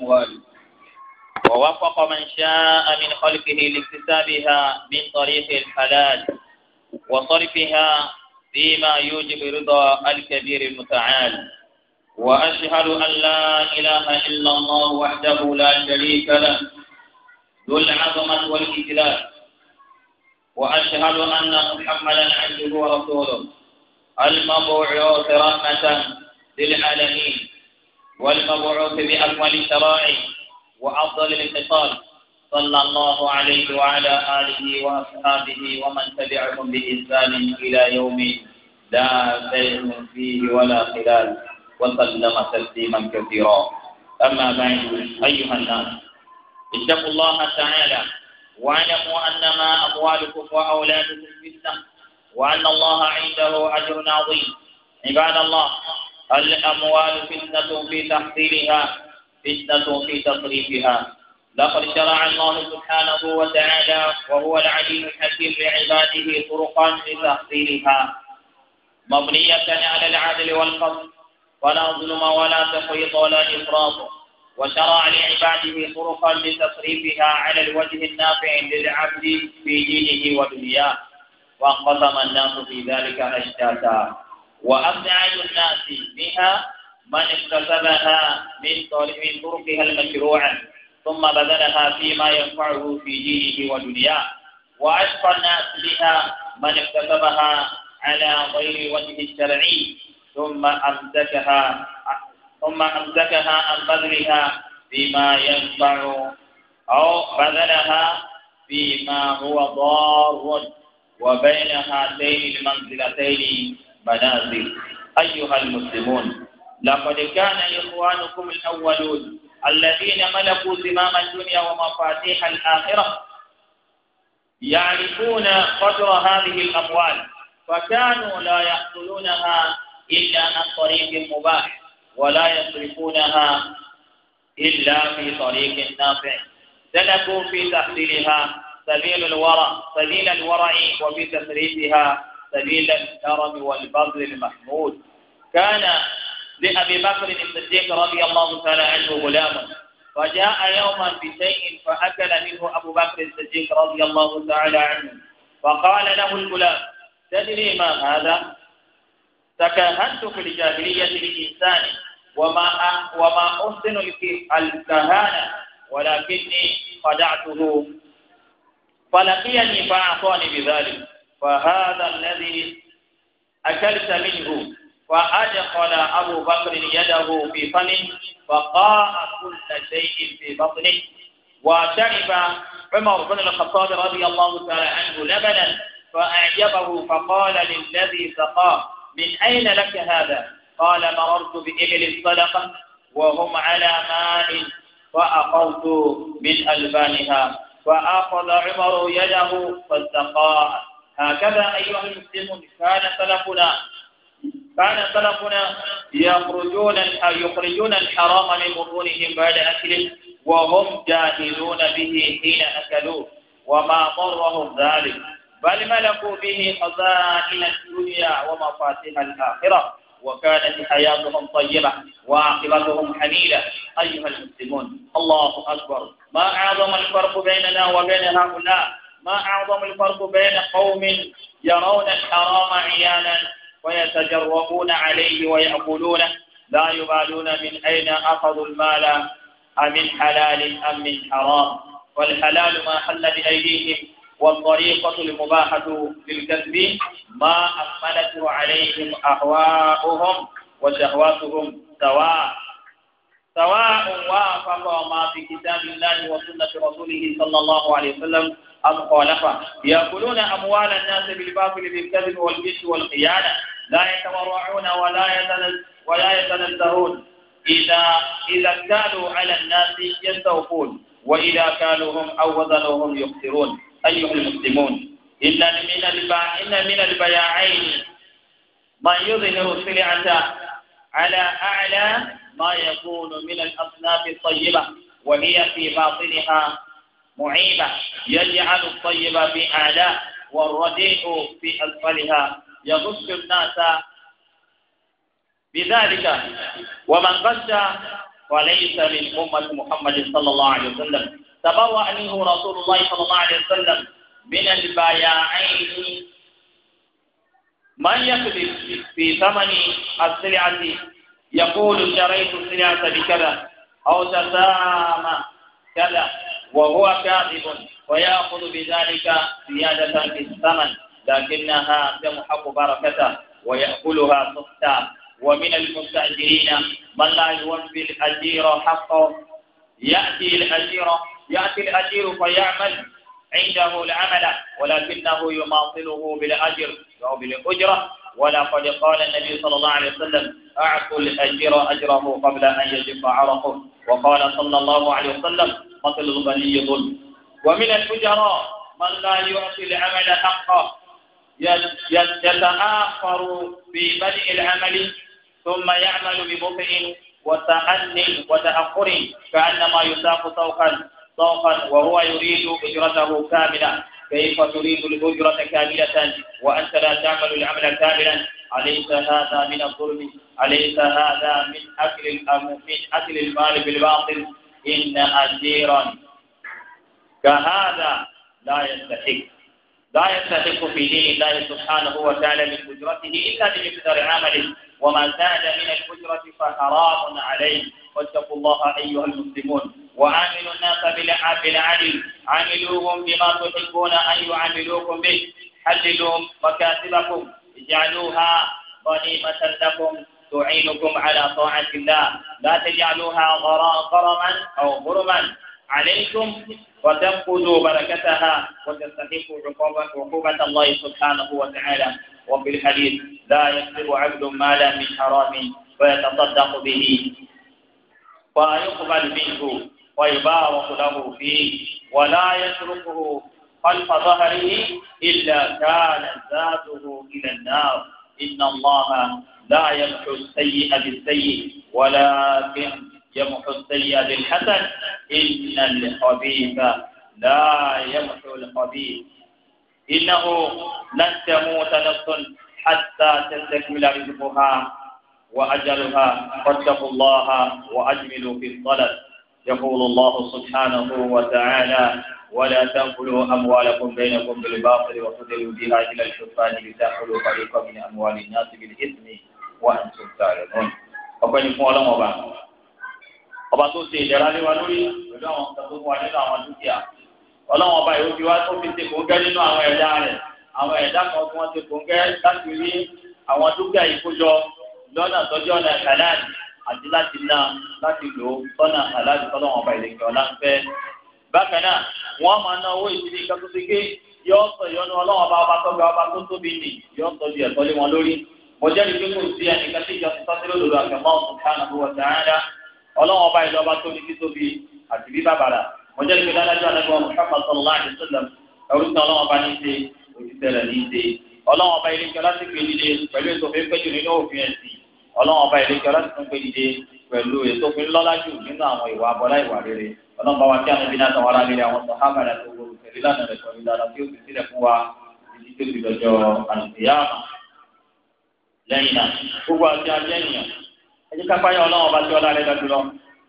أموالي ووفق من شاء من خلقه لاكتسابها من طريق الحلال وصرفها فيما يوجب رضا الكبير المتعال وأشهد أن لا إله إلا الله وحده لا شريك له ذو العظمة والإجلال وأشهد أن محمدا عبده ورسوله المبعوث رحمة للعالمين والمبعوث بأكمل الشرائع وأفضل الاتصال صلى الله عليه وعلى آله وأصحابه ومن تبعهم بإحسان إلى يوم لا بين فيه ولا خلال وسلم تسليما كثيرا أما بعد أيها الناس اتقوا الله تعالى واعلموا أنما أموالكم وأولادكم فتنة وأن الله عنده أجر عظيم عباد الله الأموال فتنة في تحصيلها فتنة في تصريفها لقد شرع الله سبحانه وتعالى وهو العليم الحكيم لعباده طرقا لتحصيلها مبنية على العدل والقصد ولا ظلم ولا تفريط ولا إفراط وشرع لعباده طرقا لتصريفها على الوجه النافع للعبد في دينه ودنياه وانقسم الناس في ذلك أشتاتا وأبعد الناس بها من اكتسبها من طريق طرقها المشروعة ثم بذلها فيما ينفعه في دينه ودنياه وأشقى الناس بها من اكتسبها على غير وجه الشرعي ثم أمسكها ثم أمسكها عن بذلها فيما ينفع أو بذلها فيما هو ضار وبين هاتين المنزلتين منازل أيها المسلمون لقد كان إخوانكم الأولون الذين ملكوا زمام الدنيا ومفاتيح الآخرة يعرفون قدر هذه الأموال فكانوا لا يحصلونها إلا عن طريق مباح ولا يصرفونها إلا في طريق نافع سلكوا في تحصيلها سبيل الورع سبيل الورع وفي تسريفها سبيل الكرم والبر المحمود كان لأبي بكر الصديق رضي الله تعالى عنه غلام فجاء يوما بشيء فأكل منه أبو بكر الصديق رضي الله تعالى عنه فقال له الغلام تدري ما هذا؟ تكهنت في الجاهلية لإنسان وما وما أحسن الكهانة ولكني خدعته فلقيني فأعطاني بذلك فهذا الذي أكلت منه فأدخل أبو بكر يده في فمه فقام كل شيء في بطنه وشرب عمر بن الخطاب رضي الله تعالى عنه لبنا فأعجبه فقال للذي سقاه من أين لك هذا؟ قال مررت بإبل الصدقة وهم على ماء فأخذت من ألبانها فأخذ عمر يده فاستقاه هكذا أيها المسلمون كان سلفنا كان سلفنا يخرجون يخرجون الحرام من بطونهم بعد أكله وهم جاهلون به حين أكلوه وما ضرهم ذلك بل ملكوا به خزائن الدنيا ومفاتيح الآخرة وكانت حياتهم طيبة وعاقبتهم حميدة أيها المسلمون الله أكبر ما أعظم الفرق بيننا وبين هؤلاء ما أعظم الفرق بين قوم يرون الحرام عيانا ويتجرؤون عليه ويأكلونه لا يبالون من أين أخذوا المال أمن حلال أم من حرام والحلال ما حل بأيديهم والطريقة المباحة للكسب ما أقبلته عليهم أهواؤهم وشهواتهم سواء سواء وافق ما في كتاب الله وسنة رسوله صلى الله عليه وسلم أم خالفا يأكلون أموال الناس بالباطل بالكذب والغش والخيانة لا يتورعون ولا ولا يتنزهون إذا إذا كانوا على الناس يستوفون وإذا كانوا هم أو وزنوهم يخسرون أيها المسلمون إن من الب... إن من البياعين من يظهر سلعة على أعلى ما يكون من الأصناف الطيبة وهي في باطنها معيبة يجعل الطيب في أعلاه والرديء في أسفلها يغش الناس بذلك ومن غش فليس من أمة محمد صلى الله عليه وسلم تبوأ منه رسول الله صلى الله عليه وسلم من البياعين من يكذب في ثمن السلعة يقول شريت السياسة بكذا أو تسام كذا وهو كاذب ويأخذ بذلك زيادة في الثمن لكنها تمحق بركته ويأكلها سخطا ومن المستأجرين من لا يوفي الأجير حقه يأتي الأجير يأتي الأجير فيعمل عنده العمل ولكنه يماطله بالأجر أو بالأجرة ولقد قال النبي صلى الله عليه وسلم أعطوا الأجر أجره قبل أن يجف عرقه وقال صلى الله عليه وسلم قتل الغني ظلم ومن الفجراء من لا يعطي العمل حقه يتآخر في بدء العمل ثم يعمل ببطء وتأن وتأخر كأنما يساق سوقا سوقا وهو يريد أجرته كاملة كيف تريد الأجرة كاملة وأنت لا تعمل العمل كاملا أليس هذا من الظلم أليس هذا من أكل من أكل المال بالباطل إن أجيرا كهذا لا يستحق لا يستحق في دين الله سبحانه وتعالى من أجرته إلا بمقدار عمله وما زاد من الأجرة فحرام عليه واتقوا الله أيها المسلمون وعاملوا الناس بالعدل عاملوهم بما تحبون أن يعاملوكم به حللوا مكاسبكم اجعلوها غنيمة لكم تعينكم على طاعة الله لا تجعلوها غرما أو غرما عليكم وتنقذوا بركتها وتستحقوا عقوبة الله سبحانه وتعالى وفي الحديث لا يكسب عبد مالا من حرام فيتصدق به ويقبل منه ويبارك له فيه ولا يتركه خلف ظهره إلا كان ذاته إلى النار إن الله لا يمحو السيء بالسيء ولكن يمحو السيء بالحسن إن الخبيث لا يمحو الخبيث إنه لن تموت نفس حتى تستكمل رزقها وأجلها فاتقوا الله وأجملوا في الطلب يقول الله سبحانه وتعالى ولا تأكلوا أموالكم بينكم بالباطل وتدلوا بها إلى الحسبان لتأكلوا فريقا من أموال الناس بالإثم وأنتم تعلمون ọpẹ́ ni fún Ọlọ́run ọba ọba tó ṣe ìdára lé wa lórí pẹ̀lú àwọn ọkọ tó wà nínú àwọn dúkìá Ọlọ́run ọba yóò fi wá tó fi ṣe kóńgẹ́ nínú àwọn ẹ̀dá rẹ̀ àwọn ẹ̀dá kan tí wọn ṣe kóńgẹ́ láti rí àwọn dúkìá yìí kójọ lọ́nà tọjú ọ̀nà kàdáàdì àti láti ná láti lò ó tọ́nà aláàbí tọ́nà ọba ìlẹ̀kẹ̀ ọ̀la ń fẹ́. bákan náà wọ́n máa ná owó ìdílé nǹkan tó ti gé yọ sọ ìyọnu ọlọ́wọ́n bá ọba tọ́gbà ọba tó tóbi nì yọ sọ di ẹ̀tọ́ lé wọn lórí. mo jẹ́rìí pé kò sí ẹnìkan tí ìjọ ti sọ́sí lódodo àgbẹ̀mọ́ subhanahu wa ta'ala ọlọ́wọ́n ọba ìlú ọba tóbi títóbi àti bí bàbàrà mo jẹ́rìí pé dáadáa ẹgbẹ́ Muhammad sallallahu alaihi wasallam ẹ̀rú sọ ọlọ́wọ́n ọba ní í ṣe òṣìṣẹ́ rẹ̀ ọlọ́run ọba ìlẹ́jọ́ láti tún pé dìde pẹ̀lú ètò òfin lọ́lá jù nínú àwọn ìwà abọ́lá ìwà rere ọlọ́run bá wa kí àwọn ìbínú àtàwọn ará rere àwọn sọ̀hábà rẹ̀ tó wọ òkèlè lánàá rẹ̀ pẹ̀lú ìlànà tí ó fi sílẹ̀ fún wa títí tó fi dọjọ́ àlùfíàmà lẹ́yìn náà gbogbo àti ajẹ́yìn ẹni kápáyà ọlọ́run ọba tí ọlá rẹ̀ dájú lọ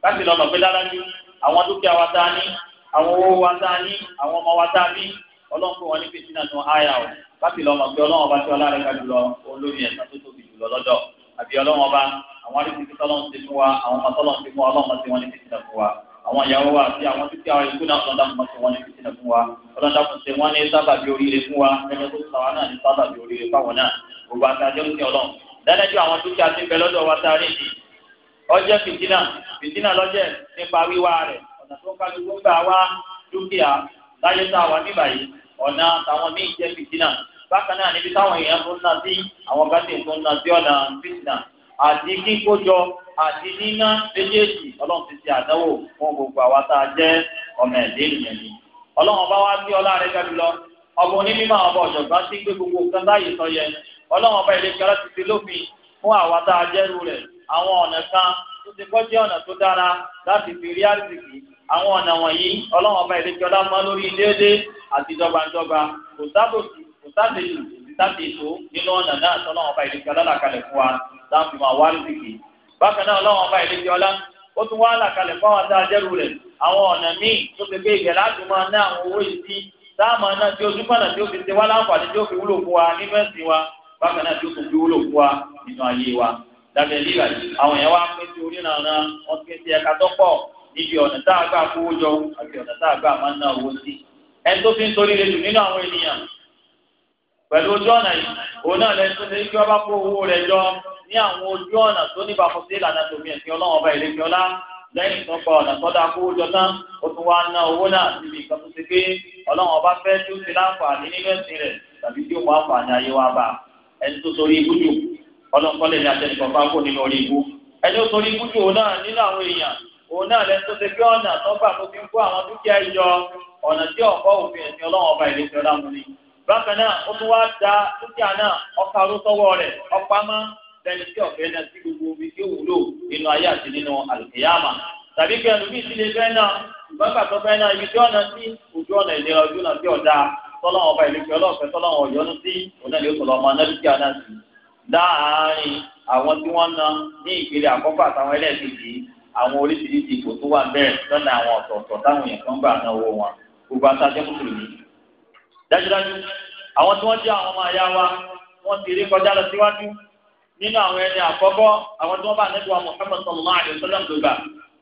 láti lọ mọ̀ pé dájú àwọn dúkìá wa tá a ní àwọn àbí ọlọ́wọ́n bá àwọn arísìkí tọ́lọ́n ti fún wa àwọn ọmọ tọ́lọ́n ti fún wa ọlọ́wọ́n ti wọn ní fìtínà fún wa àwọn ìyàwó wa àti àwọn títí àwọn ikú náà ọlọ́dà fún wọn ní fìtínà fún wa ọlọ́dà fún ṣe wọ́n ní sábàbí oríire fún wa ẹni tó sàwọn náà ní sábàbí oríire fáwọn náà gbogbo àti àjọ ti ọlọ́run dáadájú àwọn dúkìá ti bẹ lọ́dọ̀ wa sáré yìí ọjẹ́ fìtínà fìtínà lọ́jẹ́ nípa wíwá rẹ̀ ọ̀nà tó ń kájú gbogbo àwa dúkìá láyé tá a wà níbàyí ọ̀nà táwọn míì jẹ́ fìtínà bákan náà níbi táwọn èèyàn tó ń ná sí àwọn bá sì ń tó ń ná sí ọ̀nà fitna àti kíkójọ àti níná méjèèjì ọlọ́run ti ṣe àdánwò fún gbogbo àwa tá a jẹ́ ọmọ ẹ̀dẹ́ ènìyàn ni ọlọ́run bá wá bí ọlá rẹ̀ gbẹ́bí lọ ọmọ onímọ̀ ọmọ ọ̀jọ̀gbọ́n ti gbé gbogbo nǹkan báyìí sọ yẹ ọlọ́run ọba ilé kẹrẹ ti fi lófin fún àwa tá a jẹ́rú rẹ̀ àwọn ọ̀nà kan tó ti kọ́ jẹ́ ọ̀nà tó dára láti fi rí àrìsìkì àwọn ọ̀nà wọ̀nyí ọlọ́run ọba ilé kẹrẹ máa lórí déédéé àti ìsàbẹ̀yù ìsàbẹ̀tò nínú ọ̀nà náà tọ́nà ọba ìdíje ọlọ́làkalẹ̀ fún wa láti máa wá lùdìkì bákan náà ọlọ́wọ́n ọba ìdíje ọlá ó tún wá làkalẹ̀ fún àwọn tá a jẹ́rù rẹ̀ àwọn ọ̀nà míì tó ti gbé ìgbẹ́ láti máa ná àwọn owó ìdí táàmù náà tí ojú pọ̀nà tí ó fi ṣe wá láǹfààní tí ó fi wúlò fún wa nínú ẹ̀sìn wa bákan náà tí ó fi wúlò fún wa nínú ayé wa dàbẹ̀ líra yìí àwọn èèyàn wá pín sí onírànà wọn pín sí ẹ̀ka tó pọ̀ níbi ọ̀nà tá a gbà kówó jọ àti ọ̀nà tá a gbà máa ń ná owó sí. ẹni tó fi ń torí rẹ̀ nínú àwọn ènìyàn pẹ̀lú ojú ọ̀nà yìí òun náà lẹ́nu tó ṣe kí wọ́n bá kó owó rẹ̀ jọ ní àwọn ojú ọ̀nà tó ní bá fọ́sí ìlànà tòmí ẹ̀sìn ọlọ́run ọba ìlẹ́sìn ọlá lẹ́yìn tó gba ọ̀nà tó dáa kówó jọ tán ó tún wá ná owó náà níbi nǹkan tó ṣe pé ọlọ́run ọba fẹ́ tí ó ti láǹfààní nínú ẹ̀sìn rẹ̀ tàbí tí ó mú àǹfààní ayé wa bá ẹni tó sorí ibú jù ọlọ́run kọ́lé bákan náà ó tún wá da dúkìá náà ọkà ló sọ́wọ́ rẹ̀ ọpamọ́ lẹ́ni tí ọ̀fẹ́ náà sí gbogbo omi tí ó wúlò nínú ayé àti nínú àlùkìyàmà tàbí kí ẹnu bí ìdílé fẹ́ náà ṣùgbọ́n pàtó fẹ́ náà ibi tí ọ̀nà sí ojú ọ̀nà ìlera ojú ọ̀nà tí ọ̀dà tọ́lọ́wọ́n ọba ìlú ìfẹ́ ọlọ́ọ̀fẹ́ tọ́lọ́wọ́n ọ̀yọ́nú sí òun náà ni ó sọ̀rọ̀ ọmọ anábìkí àná sí láàárín àwọn tí wọ́n ná ní ìpele àkọ́kọ́ àtàwọn ẹlẹ́ẹ̀kejì àwọn oríṣiríṣi ipò tó wà bẹ́ẹ̀ lọ́nà àwọn ọ̀tọ̀ọ̀tọ̀ táwọn èèyàn kan gbà náà owó wọn gbogbo aṣáájú mùsùlùmí dájúdájú àwọn tí wọ́n jẹ́ àwọn ọmọ àyà wa wọ́n ti rí kọjá lọ síwájú nínú àwọn ẹni àkọ́kọ́ àwọn tí wọ́n bá nẹ́gbẹ̀ẹ́ Muhammad sallallahu alaihi wasallam gbogbo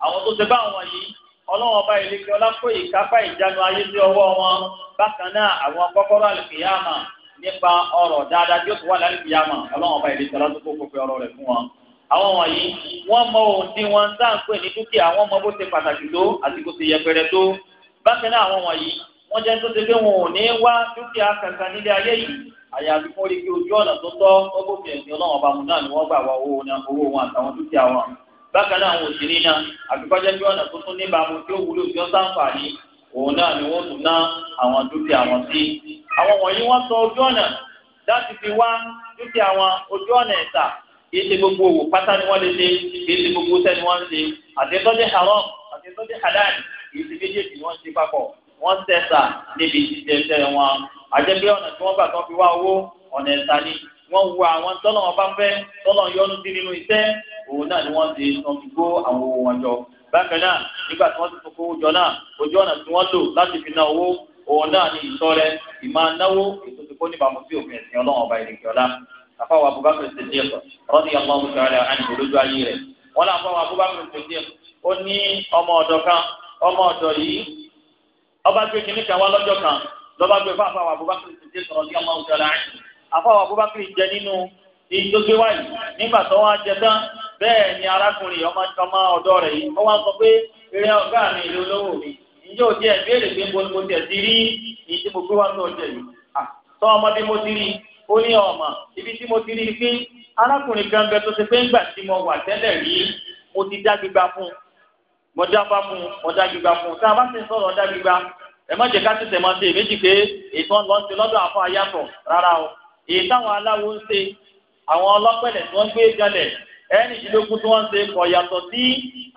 àwọn tó ti bá àwọn yìí ọlọ́wọ́n ọba ìlékè ọlápọ̀ ìkápá ìjánu ayé sí ọwọ́ wọn bákan náà àwọn kọ́kọ́rọ́ àlùkìyàmà nípa ọ̀rọ̀ dáadáa tí ó ti wà lálùkìyàmà ọlọ́wọ́n ọba ìlékè ọlọ́dún kó kópe ọ̀rọ̀ rẹ̀ fún wọn. àwọn wọ̀nyí wọ́n mọ ohun tí wọ́n ń dáǹpẹ́ ní dúkìá wọ́n mọ bó ṣe pàtàkì tó àti bó ṣe yẹpẹrẹ tó bákan náà àwọn wọ̀nyí wọ́n jẹ́ tó ṣe pé wọn ò ní wá dúkìá kankan nílé ayé yìí àyàfi fún orí kí ojú ọ̀nà tó tọ́ ọgọ́fì ẹ̀sìn ọlọ́run ọba mu náà ni wọ́n gbà wá owó wọn àtàwọn dúkìá wọn bákan náà àwọn òṣèré náà àfikọ́jẹ́ bí ọ̀nà tó tún níbàámu tí ó wúlò tí ó sáǹfààní òun náà ni wọ́n tún ná àwọn dúkìá wọn sí. àwọn wọ̀nyí wọ́n sọ ojú ọ̀nà láti fi wá dúkìá wọn ojú ọ̀nà ẹ̀sà kì í ṣe gbogbo òwò pátá ni wọ́n lè ṣe kì í ṣe gbogbo sẹ́ni wọ́n ń ṣe àtẹ̀tọ́jẹ́ haram àtẹ̀tọ́jẹ́ halal kì í ṣe méjèèjì wọ́n ń ṣe papọ̀ wọ́n tẹ̀sà níbi ìṣẹ̀ṣẹ̀ wọn àjẹpẹ́ ọ̀nà tí wọ́n gbà tán fi wá owó ọ̀nà ẹ̀sà ni wọ́n wo àwọn tọ́lọ̀ wọn bá fẹ́ tọ́lọ̀ yọnu sí nínú iṣẹ́ òun náà ni wọ́n ti san fi gbó àwọn owó wọn jọ bákan náà nígbà tí wọ́n ti fún owó jọ náà ojú ọ̀nà tí wọ́n lò láti fi ná owó òun náà ni ìtọrẹ ìmáa náwó ètò tó kó níbàámu sí òfin ẹ̀sìn ọlọ́run ọba ìrìnkì ọ̀la àfáwọn Abubakar Siddiq rọ́ọ̀dì aláwọ̀ sọ̀rọ̀ àni olójú ayé rẹ̀ wọ́n láwọn àfáwọn Abubakar Siddiq ó ọba gbé kínní kan wá lọ́jọ́ kan lọ́ba gbé fún àfàwọ̀ Abubakar ṣèṣe sọ̀rọ̀ ní ọmọ òjò rẹ̀ àfàwọ̀ Abubakar jẹ nínú ìdógbé wáyé nígbà tó wá jẹ tán bẹ́ẹ̀ ni arákùnrin ọmọ ọmọ ọ̀dọ́ rẹ̀ yìí ó wá sọ pé eré ọ̀gá mi ìlú olówó mi ǹjẹ́ òjì ẹ̀ béèrè pé mo mo tẹ̀ ti rí ní mo gbé wá tó jẹ yìí tọ́ ọmọdé mo ti rí ó ní ọmọ ibi tí mo ti rí pé arákùnrin kan bẹ tó ṣe pé ńgbà tí mo wà tẹ́lẹ̀ rí mo ti dá gbígbá fún un mo dá bá fún mo dá gbígbá fún tá a bá ti ń sọ̀rọ̀ dá gbígbá ẹ má jẹ́ ká tètè máa ṣe èméjì pé ètò ọ̀nà ti lọ́dọ̀ àfọ ayàtọ̀ rárá o èyí táwọn aláwo ń ṣe àwọn ọlọ́pẹ̀lẹ̀ tí wọ́n gbé jalẹ̀ ẹnìdínlógún tí wọ́n ń ṣe kọ̀ yàtọ̀ sí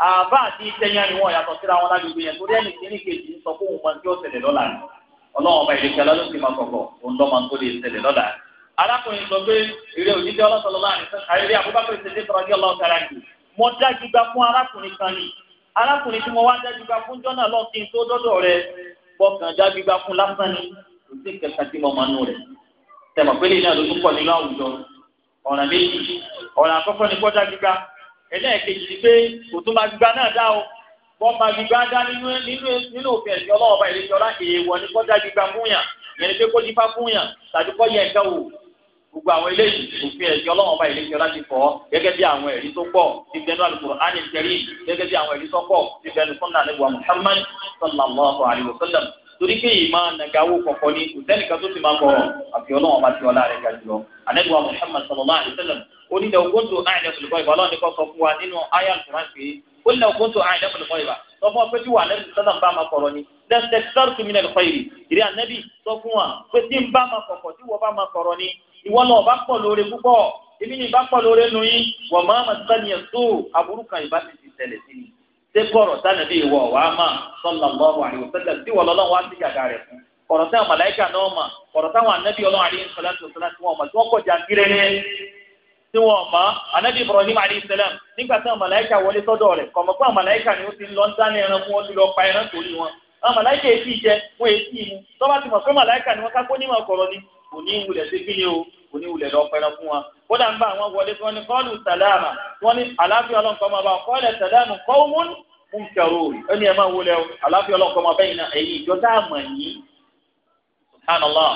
àbá àti ìtẹ̀yà ni wọ́n yàtọ̀ síra wọn lágbègbè yẹn torí ẹnì kíní kejì ń sọ fún òun kan tí ó ṣẹlẹ̀ lọ́la ọlọ́run ọba ìlẹ̀kẹ́ alálùkù máa kọ̀kọ̀ òun arákùnrin tí mo wá dá gbígbá fún jọ́nà lọ kí n tó dọ́dọ̀ rẹ bọ́kàn dá gbígbá fún lásán ni kò sí kẹta tí mo máa nù rẹ̀ tẹ̀mọ̀ pé lè ní àdójú pọ̀ nínú àwùjọ ọ̀ràn méjì ọ̀ràn àkọ́kọ́ ni kọ́dá gbígbá ẹlẹ́ẹ̀kejì ni pé kò tó máa gbígbá náà dá o bọ́ máa gbígbá dá nínú nínú òfin ẹ̀sìn ọlọ́wọ́ bá ìlẹ́jọ́ èèwọ̀ ni kọ́dá gbígbá fún yàn yẹn ni pé kó dífá fún yàn tàbí kọ́ gbogbo àwọn eléyìí òfin ẹ̀sìn ọlọ́run ọba ìlẹ́sìn ọlá ti fọ́ gẹ́gẹ́ bí àwọn ẹ̀rí tó pọ̀ ti bẹnu Al-Qur'ani Al-Karim gẹ́gẹ́ bí àwọn ẹ̀rí tó pọ̀ ti bẹnu sunna Ànábì wa Muhammad sallallahu alayhi wa sallam torí pé ìmọ̀ nàgàwó kọ̀kọ́ ni kò sẹ́nìkan tó ti máa kọ̀ àfi ọlọ́run ọba ti ọlá rẹ̀ ga jùlọ Ànábì wa Muhammad sallallahu alayhi wa sallam onídàá ogóńdó àìlẹ́kùnlùkọ́ ìbá ọlọ́run nìkan sọ fún wa nínú ayé Al-Qur'an pé ó ní ogóńdó àìlẹ́kùnlùkọ́ ìbá sọ fún wa pé tí wà lẹ́nu sọ́nà bá máa kọ̀rọ̀ ni lẹ́sẹ̀ sọ́ọ̀tù mi nà lọ́kọ̀ ìrì ìrì ànẹ́bì sọ fún wa pé tí ń bá máa kọ̀kọ̀ tí wọ́n bá máa kọ̀rọ̀ ni ìwọ lọ bá pọ̀ lóore púpọ̀ èmi ní bá pọ̀ lóore nu yín wọ̀ máa ma sani ẹ̀sùn aburú kan ìbá ti ti tẹ̀lẹ̀ sí mi ṣé kọ̀rọ̀ sanabi ìwọ wà á mà sallallahu alaihi wasallam tí wọ́n lọ́wọ́ wá sí yàgà rẹ̀ fún kọ̀rọ̀ táwọn màláìkà náà mà kọ̀rọ̀ táwọn anabi ọlọ́run àdéhùn sọlá tó sọlá tí wọ́n mà tí wọ́n kọjá gírẹ́rẹ́ tí wọn mọ anabi ibrahim alayhi salam nígbà tí àwọn màláíkà wọlé sọ́dọ̀ rẹ̀ kọmọ pé àwọn màláíkà ni ó ti lọ ń dání kò ní ìwúlẹ̀ sí kí ni o kò ní ìwúlẹ̀ lọ pẹran fún wa kódà ń bá àwọn wọlé fún kọ́ọ̀lù ní ọlọ́nkọ́ máa bá ẹni ẹ̀ máa o ọlọ́nkọ́ máa bẹ́yìn náà a mọ̀ yín subhanallah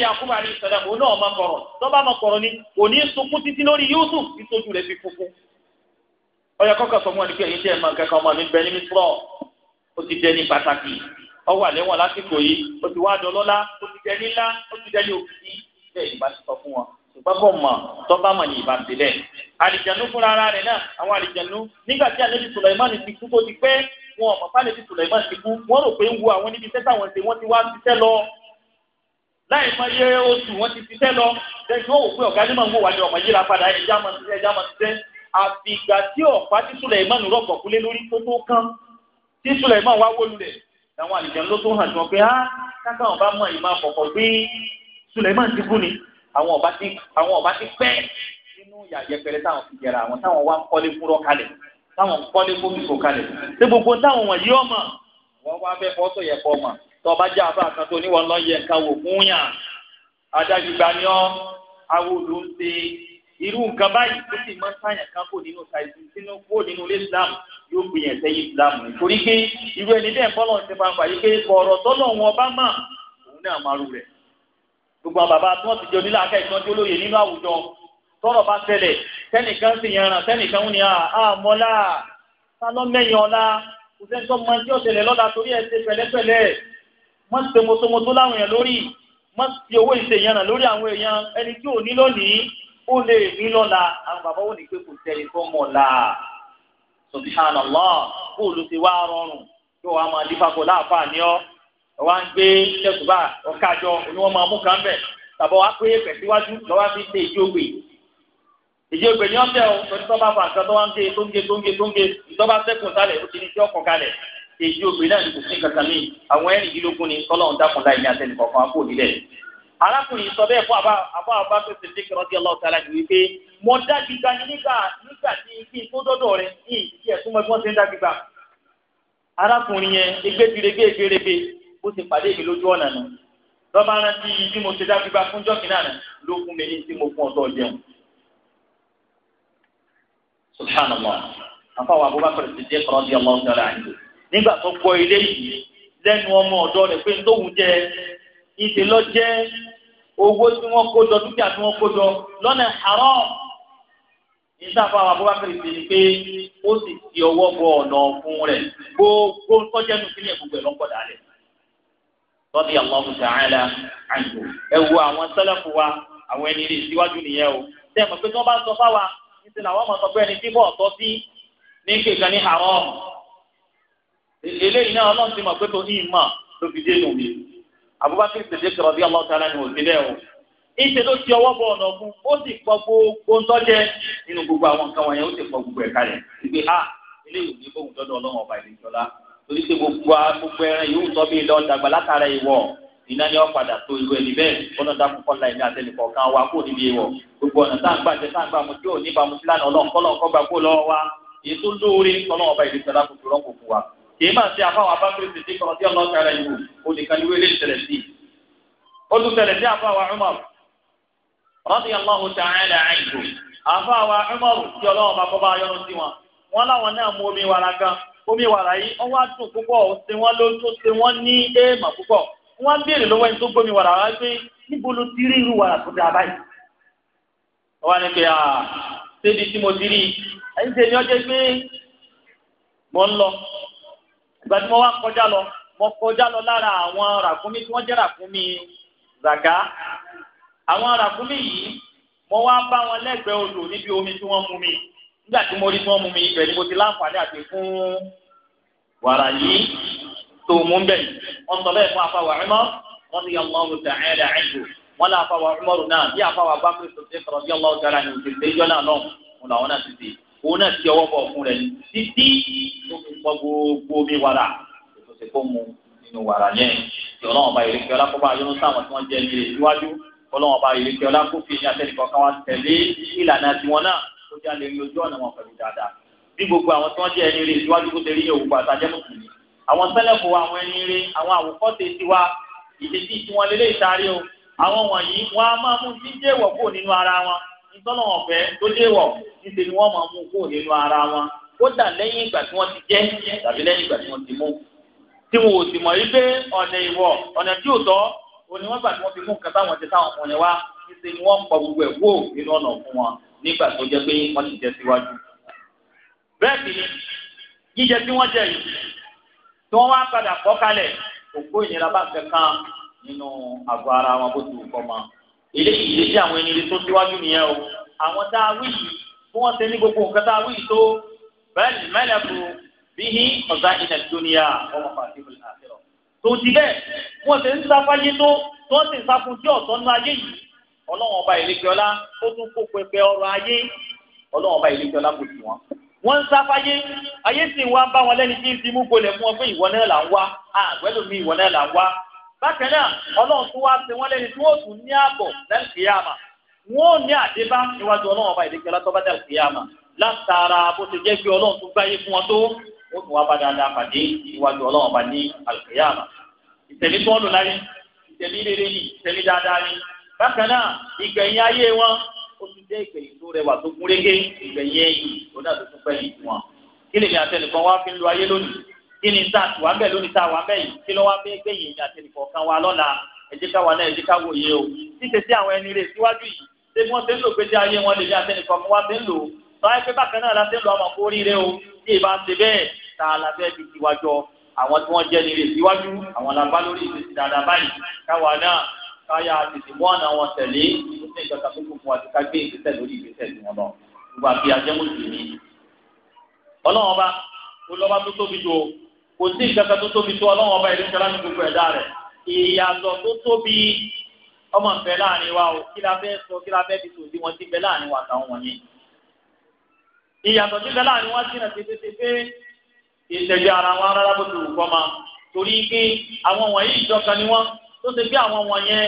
yakubu alayhi salam òun máa kọ̀rọ̀ tọ́ba máa kọ̀rọ̀ ni kò ní sunkún títí lórí yusuf ìtọ́jú rẹ̀ fi funfun ọyọ kọ́kọ́ sọ fún wa ni pé èyí tẹ́ ẹ̀ máa kẹ́kọ̀ọ́ máa ní bẹ́ẹ̀ dẹni ńlá ó ti dẹni òkìtì bẹ́ẹ̀ ìbá ti sọ fún wọn ṣùgbọ́n kò mọ̀ tọ́ba mọ̀ ní ìbá ti bẹ́ẹ̀. àlìjànú fúnra ara rẹ̀ náà àwọn àlìjànú nígbà tí àlejò Sùlẹ̀mánì ti kú tó ti pẹ́ wọn ọ̀mọ̀ fálejò Sùlẹ̀mánì ti kú wọ́n rò pé ń wo àwọn níbi sẹ́tà wọn ṣe wọ́n ti wá ṣiṣẹ́ lọ láì mọ iye oṣù wọn ti ṣiṣẹ́ lọ lẹ́yìn ó wò pé ọ̀gá nímọ̀ ń wò wá ní ọmọ yíra padà ẹja mọ̀ àwọn àlejò ló tó hàn tí wọn pé á káká ọba mọ ìmọ̀ àkọ́kọ́ pé Suleiman ti kú ni àwọn ọba ti àwọn ọba ti pẹ́ nínú ìyà yẹpẹrẹ táwọn fi jẹra àwọn táwọn wá ń kọ́lé fúnrọ kalẹ̀ táwọn ń kọ́lé fúnmìkò kalẹ̀ ṣé gbogbo táwọn wọ̀nyí ọmọ wọn wá bẹ fọtò yẹ fọ ọmọ tọba jẹ àbá kan tó níwọ lọ yẹ nǹkan wò fún yàn adágbègbà ni ọ awo ló ń ṣe irú nǹkan báyìí tó sì mọ sáyẹn kan kò nínú sàìsì sínú kó nínú Islam yóò gbé yẹn sẹ́yìn ìsìlámù ni torí pé irú ẹni bẹ́ẹ̀ bọ́lọ̀ ti fa fàyè pé ọ̀rọ̀ tọ́lọ̀ wọn bá mà òun náà máa rú rẹ̀ gbogbo àwọn bàbá tí wọ́n ti jẹ onílàákà ìtàn tí ó lóye nínú àwùjọ tọ́rọ̀ bá tẹlẹ̀ tẹnìkan sì yanràn tẹnìkan ń ní àmọ́lá sálọ́ mẹ́yìn ọ̀la kò sẹ́ni tó máa ń tí ọ̀sẹ̀lẹ̀ lọ́la torí ẹ̀ ṣe pẹ̀lẹ́pẹ̀lẹ́ mọ́ ṣe mọ́tòmọ́tò láwọn èèyàn lórí mọ́ fi owó ìṣèyànnà lórí àwọn èèyàn ẹni tí ò ní lónìí ó lè ní lọ́la àwọn bàbá wò subhanallah bóòlù ti wá rọrùn kí wọ́n á máa dífàkọ láàfáà ní ọ́ wọ́n á ń gbé tẹ̀sùbà ọ̀kájọ ni wọ́n máa mú kan bẹ̀ tàbọ̀ wá pé èèpẹ̀ síwájú lọ́wọ́ fi ṣe ìjóògbè ìjóògbè ní ọ̀tẹ̀ o torí tó bá fa nǹkan tó wá ń gé tó ń gé tó ń gé tó ń gé ìjọba sẹ́kùn sálẹ̀ ó ti ní tí ọkọ̀ kalẹ̀ ìjóògbè náà ní kò sí kankan míì àwọn ẹ̀rìndínlógún ni tọ́lọ́run dákun láì ní àtẹnìkọ̀ọ̀kan kò nílẹ̀ arákùnrin sọ bẹ́ẹ̀ fún àbá àbáṣe sèdèkì rọ́dí ọlọ́ọ̀tàlá ní wípé mo dá gbígba ni nígbà nígbà tí kí n tó dọ́dọ̀ rẹ ní ìdíkì ẹ̀sùn mọ́ bí wọ́n ṣe ń dá arákùnrin yẹn egbèbirebe egbèrebe ó ti pàdé mi lójú ọ̀nà nù lọ́ba rántí bí mo ṣe dá fún jọ́kìnà nà ló fún mi ní tí mo fún ọ̀tọ̀ jẹun. subhanallah afọwọ́ abubakar sèdèkì rọ́dí ọlọ́ọ̀tàlá nígbà tó gbọ́ ilé yìí lẹ́nu ọmọ ọ̀dọ́ rẹ̀ pé ń tóun jẹ́ ìṣèlọ́jẹ́ owó tí wọ́n kó jọ dúkìá tí wọ́n kó jọ lọ́nà haram nígbàfà Abubakar ṣe ni pé ó sì ti ọwọ́ bọ ọ̀nà ọ̀fun rẹ̀ gbogbo tọ́jẹ́nu sílẹ̀ gbogbo ẹ̀ lọ́kọ̀ dálẹ̀ lọ́dí Allahu ta'ala àjò ẹ wo àwọn sẹ́lẹ̀kù wa àwọn ẹni rí síwájú nìyẹn o tẹ́ ẹ mọ̀ pé tí wọ́n bá ń sọ fáwa níṣẹ́ làwọn ọmọ sọ pé ẹni tí bọ̀ ọ̀tọ́ sí ní kékan ní haram eléyìí náà ọlọ́run ti mọ̀ pé tó ní ìmọ̀ ló dé nù Abubakar Siddiq radiyallahu ta'ala ni òsínlẹ̀ o ìṣe ló ti ọwọ́ bọ̀ ọ̀nà fún ó sì pọ̀ gbogbo ń tọ́jẹ́ nínú gbogbo àwọn nǹkan wọ̀nyẹn ó sì pọ̀ gbogbo ẹ̀ka rẹ̀ ìgbé a ah, eléyìí ò ní bóun dọ́dọ̀ ọlọ́run ọba ìlú ìjọba torí pé gbogbo gbogbo ẹran yìí ń tọ́ bí ilé ọ̀dàgbà látara ìwọ̀ iná ni wọ́n padà tó irú ẹni bẹ́ẹ̀ ọ̀nà dákúkọ́ la ẹ̀mí àtẹnìkọ̀ kan wa kó níbi ìwọ̀ gbogbo ọ̀nà tá à ń gbàjẹ́ tá à ń gbà mú tí ò ní bá mú sílánà ọlọ́run kọ́lọ́run kọ́ gbà kó lọ́wọ́ wa èyí tó lóore ọlọ́run ọba ìlú ìjọba kò tó rọ́pò fún wa kìí máa ṣe àfáwọn abákùnrin tètè kọ́ ọdí ọlọ́ọ̀tì ara ìwò olùkọ́ ni wọ́n lè ṣẹlẹ̀ sí i. ó tún ṣẹlẹ̀ sí àfáwọn Umar radiyallahu ta'ala anhu àfáwọn Umar tí ọlọ́wọ́n bá kọ́ bá yọrùn sí wọn. wọ́n láwọn náà mú omi wàrà kan omi wàrà yìí wọ́n wá dùn púpọ̀ ó ṣe wọ́n ló tó ṣe wọ́n ní éèmọ̀ púpọ̀ wọ́n béèrè ìgbà tí mo wá kọjá lọ mo kọjá lọ lára àwọn ràkúnmí tí wọ́n jẹ́ ràkúnmí zàká àwọn ràkúnmí yìí mo wá bá wọn lẹ́gbẹ̀ẹ́ odò níbi omi tí wọ́n mú mi nígbà tí mo rí tí wọ́n mú mi ibẹ̀ ni mo ti láǹfààní àti fún wàrà yìí tó mú bẹ̀ wọ́n sọ bẹ́ẹ̀ fún afáwà ẹ̀mọ́ wọ́n ti yọ ọmọ ọ̀gá ẹ̀rẹ̀ ẹ̀jù wọ́n lé afáwà ẹ̀mọ́ náà bí afáwà bá pèsè ọ̀sẹ̀ kọ̀ọ̀bí ọlọ́ọ̀gá rẹ̀ ní òṣèlú ìjọ náà lọ́wọ́ òun náà ti ọwọ́ bọ̀ fún rẹ̀ títí tó fi pọ gbogbo omi wàrà tó ti kó mu nínú wàrà yẹn tí ọlọ́wọ́n bá ìrèké ọlá kó bá yọnu sáwọn tí wọ́n jẹ́ ní ìsíwájú ọlọ́wọ́n bá ìrèké ọlá kó fi ẹ̀yìn àtẹnìkan ká wá tẹ̀lé ìlànà tiwọn náà tó já lè rí ojú ọ̀nà wọn pẹ̀lú dáadáa bí gbogbo àwọn tí wọ́n jẹ́ ẹni rí ìsíwájú kó tẹ̀lé yẹ̀wò gbà tàjẹ́ mùsùlùmí àwọn sẹ́lẹ̀fù àwọn ẹni rí àwọn àwòkọ́ṣe tiwa ìdí tí o àwọn wọ̀nyí tọ́lọ̀ wọn fẹ́ tó dé wọ̀ níṣẹ́ ni wọ́n máa mú kó nínú ara wọn kódà lẹ́yìn ìgbà tí wọ́n ti jẹ́ tàbí lẹ́yìn ìgbà tí wọ́n ti mú tí wọn ò sì mọ̀ yí pé ọ̀nà ìwọ̀ ọ̀nà tí ò tọ́ òní wọ́n gbà tí wọ́n fi mú nǹkan táwọn ti táwọn ọmọ yẹn wá níṣẹ́ ni wọ́n ń pọ gbogbo ẹ̀ wó nínú ọ̀nà fún wọn nígbà tó jẹ́ pé wọ́n ti jẹ síwájú. bẹ́ẹ̀ sì ni jíjẹ eléyìí lè jẹ́ àwọn ẹni tó síwájú nìyẹn o àwọn tá a wí yìí tí wọ́n ṣe ní gbogbo nǹkan tá a wí yìí tó bẹ́ẹ̀ni mẹ́lẹ̀kù bíhí ọ̀zá ilẹ̀ dúníyà ọmọ pàṣẹ ìwé àtẹ̀rọ̀ tó ti bẹ́ẹ̀ wọ́n ṣe ń sáfáyé tó tó ń sì sáfún tí ọ̀tọ́ nú ayé yìí ọlọ́wọ́n ọba ìlẹ́kẹ̀ọ́lá ó tún kó pẹpẹ ọrọ̀ ayé ọlọ́wọ́n ọba ìlẹ́kẹ̀ọ́lá kò sí wọn wọ́n ń sáfáyé ayé sì ń wá bá wọn lẹ́ni tí ń fi mú gbolẹ̀ fún ọ pé ìwọ náà là ń wá àgbẹ̀lómi ìwọ náà là ń wá bákan náà ọlọ́run tó wá sí wọn lẹ́ni tí wọ́n tún ní ààbò lẹ́yìn kìyàmà wọ́n ò ní àdébá níwájú ọlọ́run ọba ìdíkẹ́ lọ́tọ́bá dẹ̀ kìyàmà látara bó ti jẹ́ pé ọlọ́run tó gbáyé fún wọn tó wọ́n tún wá bá dáadáa pàdé níwájú ọlọ́run ọba ní àlùkìyàmà ìtẹ̀lé tó ń lò láyé ìtẹ̀lé rere ni ìtẹ̀lé dáadáa ni bákan náà ìgbẹ̀yìn ayé wọn ó tún jẹ́ ìgbẹ̀yìn tó rẹwà tó gúnrégé ìgbẹ̀yìn ẹ̀yìn tó dà tó tún kí lèmi àtẹnìkan wá fi ń lo ayé lónìí Kini ni tá a tù wá ń bẹ̀ lónìí tá a wà ń bẹ̀ yìí kí ló wá bẹ́ẹ̀ gbé yìnyín àtẹnìkọ̀ kan wa lọ́la ẹ jẹ́ ká wà náà ẹ jẹ́ ká wòye o ṣíṣe sí àwọn ẹni rè síwájú yìí ṣé wọ́n ti ń lò péjẹ ayé wọn lè ní àtẹnìkọ̀ mu wá ti ń lò ó sọ́wọ́n pé bákan náà la ti ń lo àwọn kó oríire o tí ì bá ṣe bẹ́ẹ̀ tá la fẹ́ẹ́ fi tiwájọ àwọn tí wọ́n jẹ́ ni rè síwájú àwọn la bá lórí ìṣesí dáadáa báyìí káwa náà káyà tètè mú ọ̀nà wọn tẹ̀lé ó sì ń jọta fún fún wa kò sí ìjọba tó tóbi tó ọlọ́wọ́n ọba ìlú ìjọba ní gbogbo ẹ̀dá rẹ̀ ìyàtọ̀ tó tóbi ọmọ nbẹ láàrin wa o kí la fẹ́ sọ kí la fẹ́ fi tòsí wọn ti bẹ láàrin wa àtàwọn wọ̀nyí ìyàtọ̀ tí bẹ láàrin wa sínú tẹfẹtẹfẹ ìṣẹ̀jẹ̀ ara wọn rárá bó ti wù kọ́ ma torí pé àwọn wọ̀nyí ìjọkan ni wọ́n tó ṣe bí àwọn wọ̀nyẹn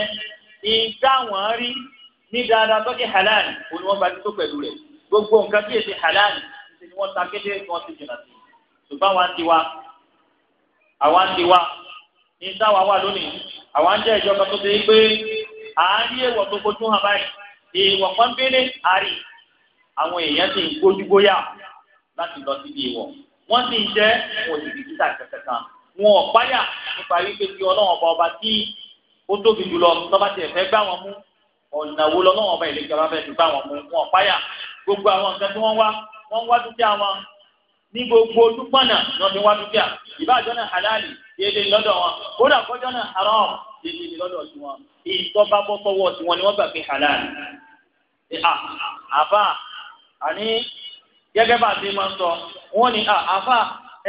ìdá rí ní àwa ń di wa ní táwa wà lónìí àwa ń jẹ́ ìjọba tó ṣe é pé àárí èèwọ̀ tó kojú hàn báyìí èèwọ̀ pọ́nbélé àárí àwọn èèyàn ti ń gbójúgbóyà láti lọ síbi ìwọ̀ wọ́n sì ń jẹ́ wọn ò sì fi títà kẹ̀kẹ́ kan wọn ò páyà nípa wípé kí ọlọ́wọ́n ọba ọba tí ó tóbi jùlọ lọ́ba tiẹ̀ fẹ́ gbá wọn mú ọ̀nà wo lọ́wọ́n ọba ìlẹ́jọba fẹ́ gbá wọn mú wọn ò gbogbo àwọn nǹkan tí wọ́n wá wọ́n wá dúkìá wọn ní gbogbo ojúpọ̀nà lọ́ọ́ fi wá dúkìá ìbáàjọ́ náà halali déédéé lọ́dọ̀ wọn kódà kọjọ́ náà haram déédéé lọ́dọ̀ tiwọn ìtọ́ba bọ́ sọ́wọ́ tiwọn ni wọ́n gbà pé halali. àbá àní gẹ́gẹ́ bá a ti máa ń sọ wọ́n ní àbá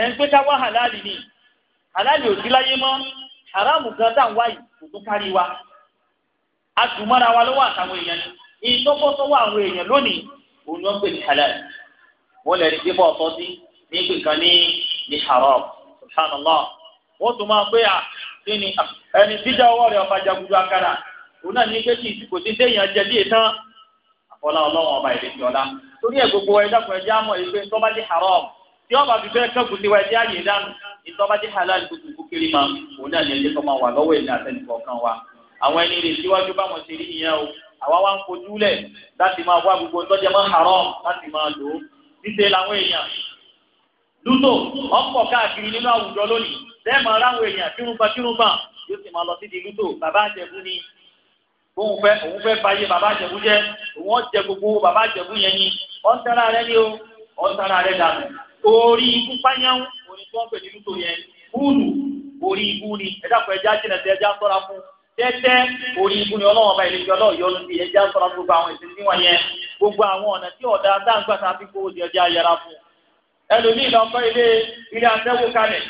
ẹ̀ ń pé ká wá halali ni halali ò sí láyé mọ́ haram gan tá à ń wáyì kò tún kárí wa àtùmọ́ra wa ló wà àtàwọn èèyàn ìtọ́bọ́sọ́wọ́ àwọn èèyàn lónìí òun ni wọ́n pè ní halali wọ́n lẹ́ni dé nígbè kan ní ní haram subhanallah wọ́n tún máa pé à kí ni ẹni jíjà ọwọ́ rẹ̀ ọba jagudu akara òun náà ní pé kí kò sí déèyàn jẹ díẹ̀ tán àfọlá ọlọ́wọ́n ọba ìrètí ọ̀la torí ẹ̀ gbogbo ẹ̀ dákun ẹ̀jẹ̀ àmọ̀ ìgbé tọ́ba jẹ́ haram tí ọba fi fẹ́ kẹ́kù sí wa ẹ̀jẹ̀ àyè dànù ìtọ́ba jẹ́ halal kùtù kúkiri ma òun náà ní ẹ̀jẹ̀ tó máa wà lọ́wọ́ ìlú àtẹnukọ̀ kan wa àwọn ẹni rè síwájú báwọn ṣe rí ìyẹn o àwa wa ń fojú lẹ̀ láti máa wá gbogbo tọ́jẹ́ mọ́ haram láti máa lò ó luto ọ̀pọ̀ káàkiri nínú àwùjọ lónìí sẹ́ẹ̀mọ̀ aráwọ̀ èèyàn kírúnba kírúnba yóò sì máa lọ sí di bàbá àjẹ̀bú ni òun fẹ́ òun fẹ́ fàyè bàbá àjẹ̀bú jẹ́ òun ọ̀jẹ̀ gbogbo bàbá àjẹ̀bú yẹn ni ọ̀ntara rẹ ni o tara rẹ dànù orí ikú orí tí wọ́n pè ní yẹn fúlù ni jìnà sí sọ́ra fún tẹ́tẹ́ ni ọlọ́wọ́n bá ìlẹ́jọ́ náà yọ sọ́ra gbogbo àwọn ìsinmi wọn gbogbo àwọn ọ̀nà tí ẹlòmíì lọ fẹ́ ilé ilé atẹ́wò kalẹ̀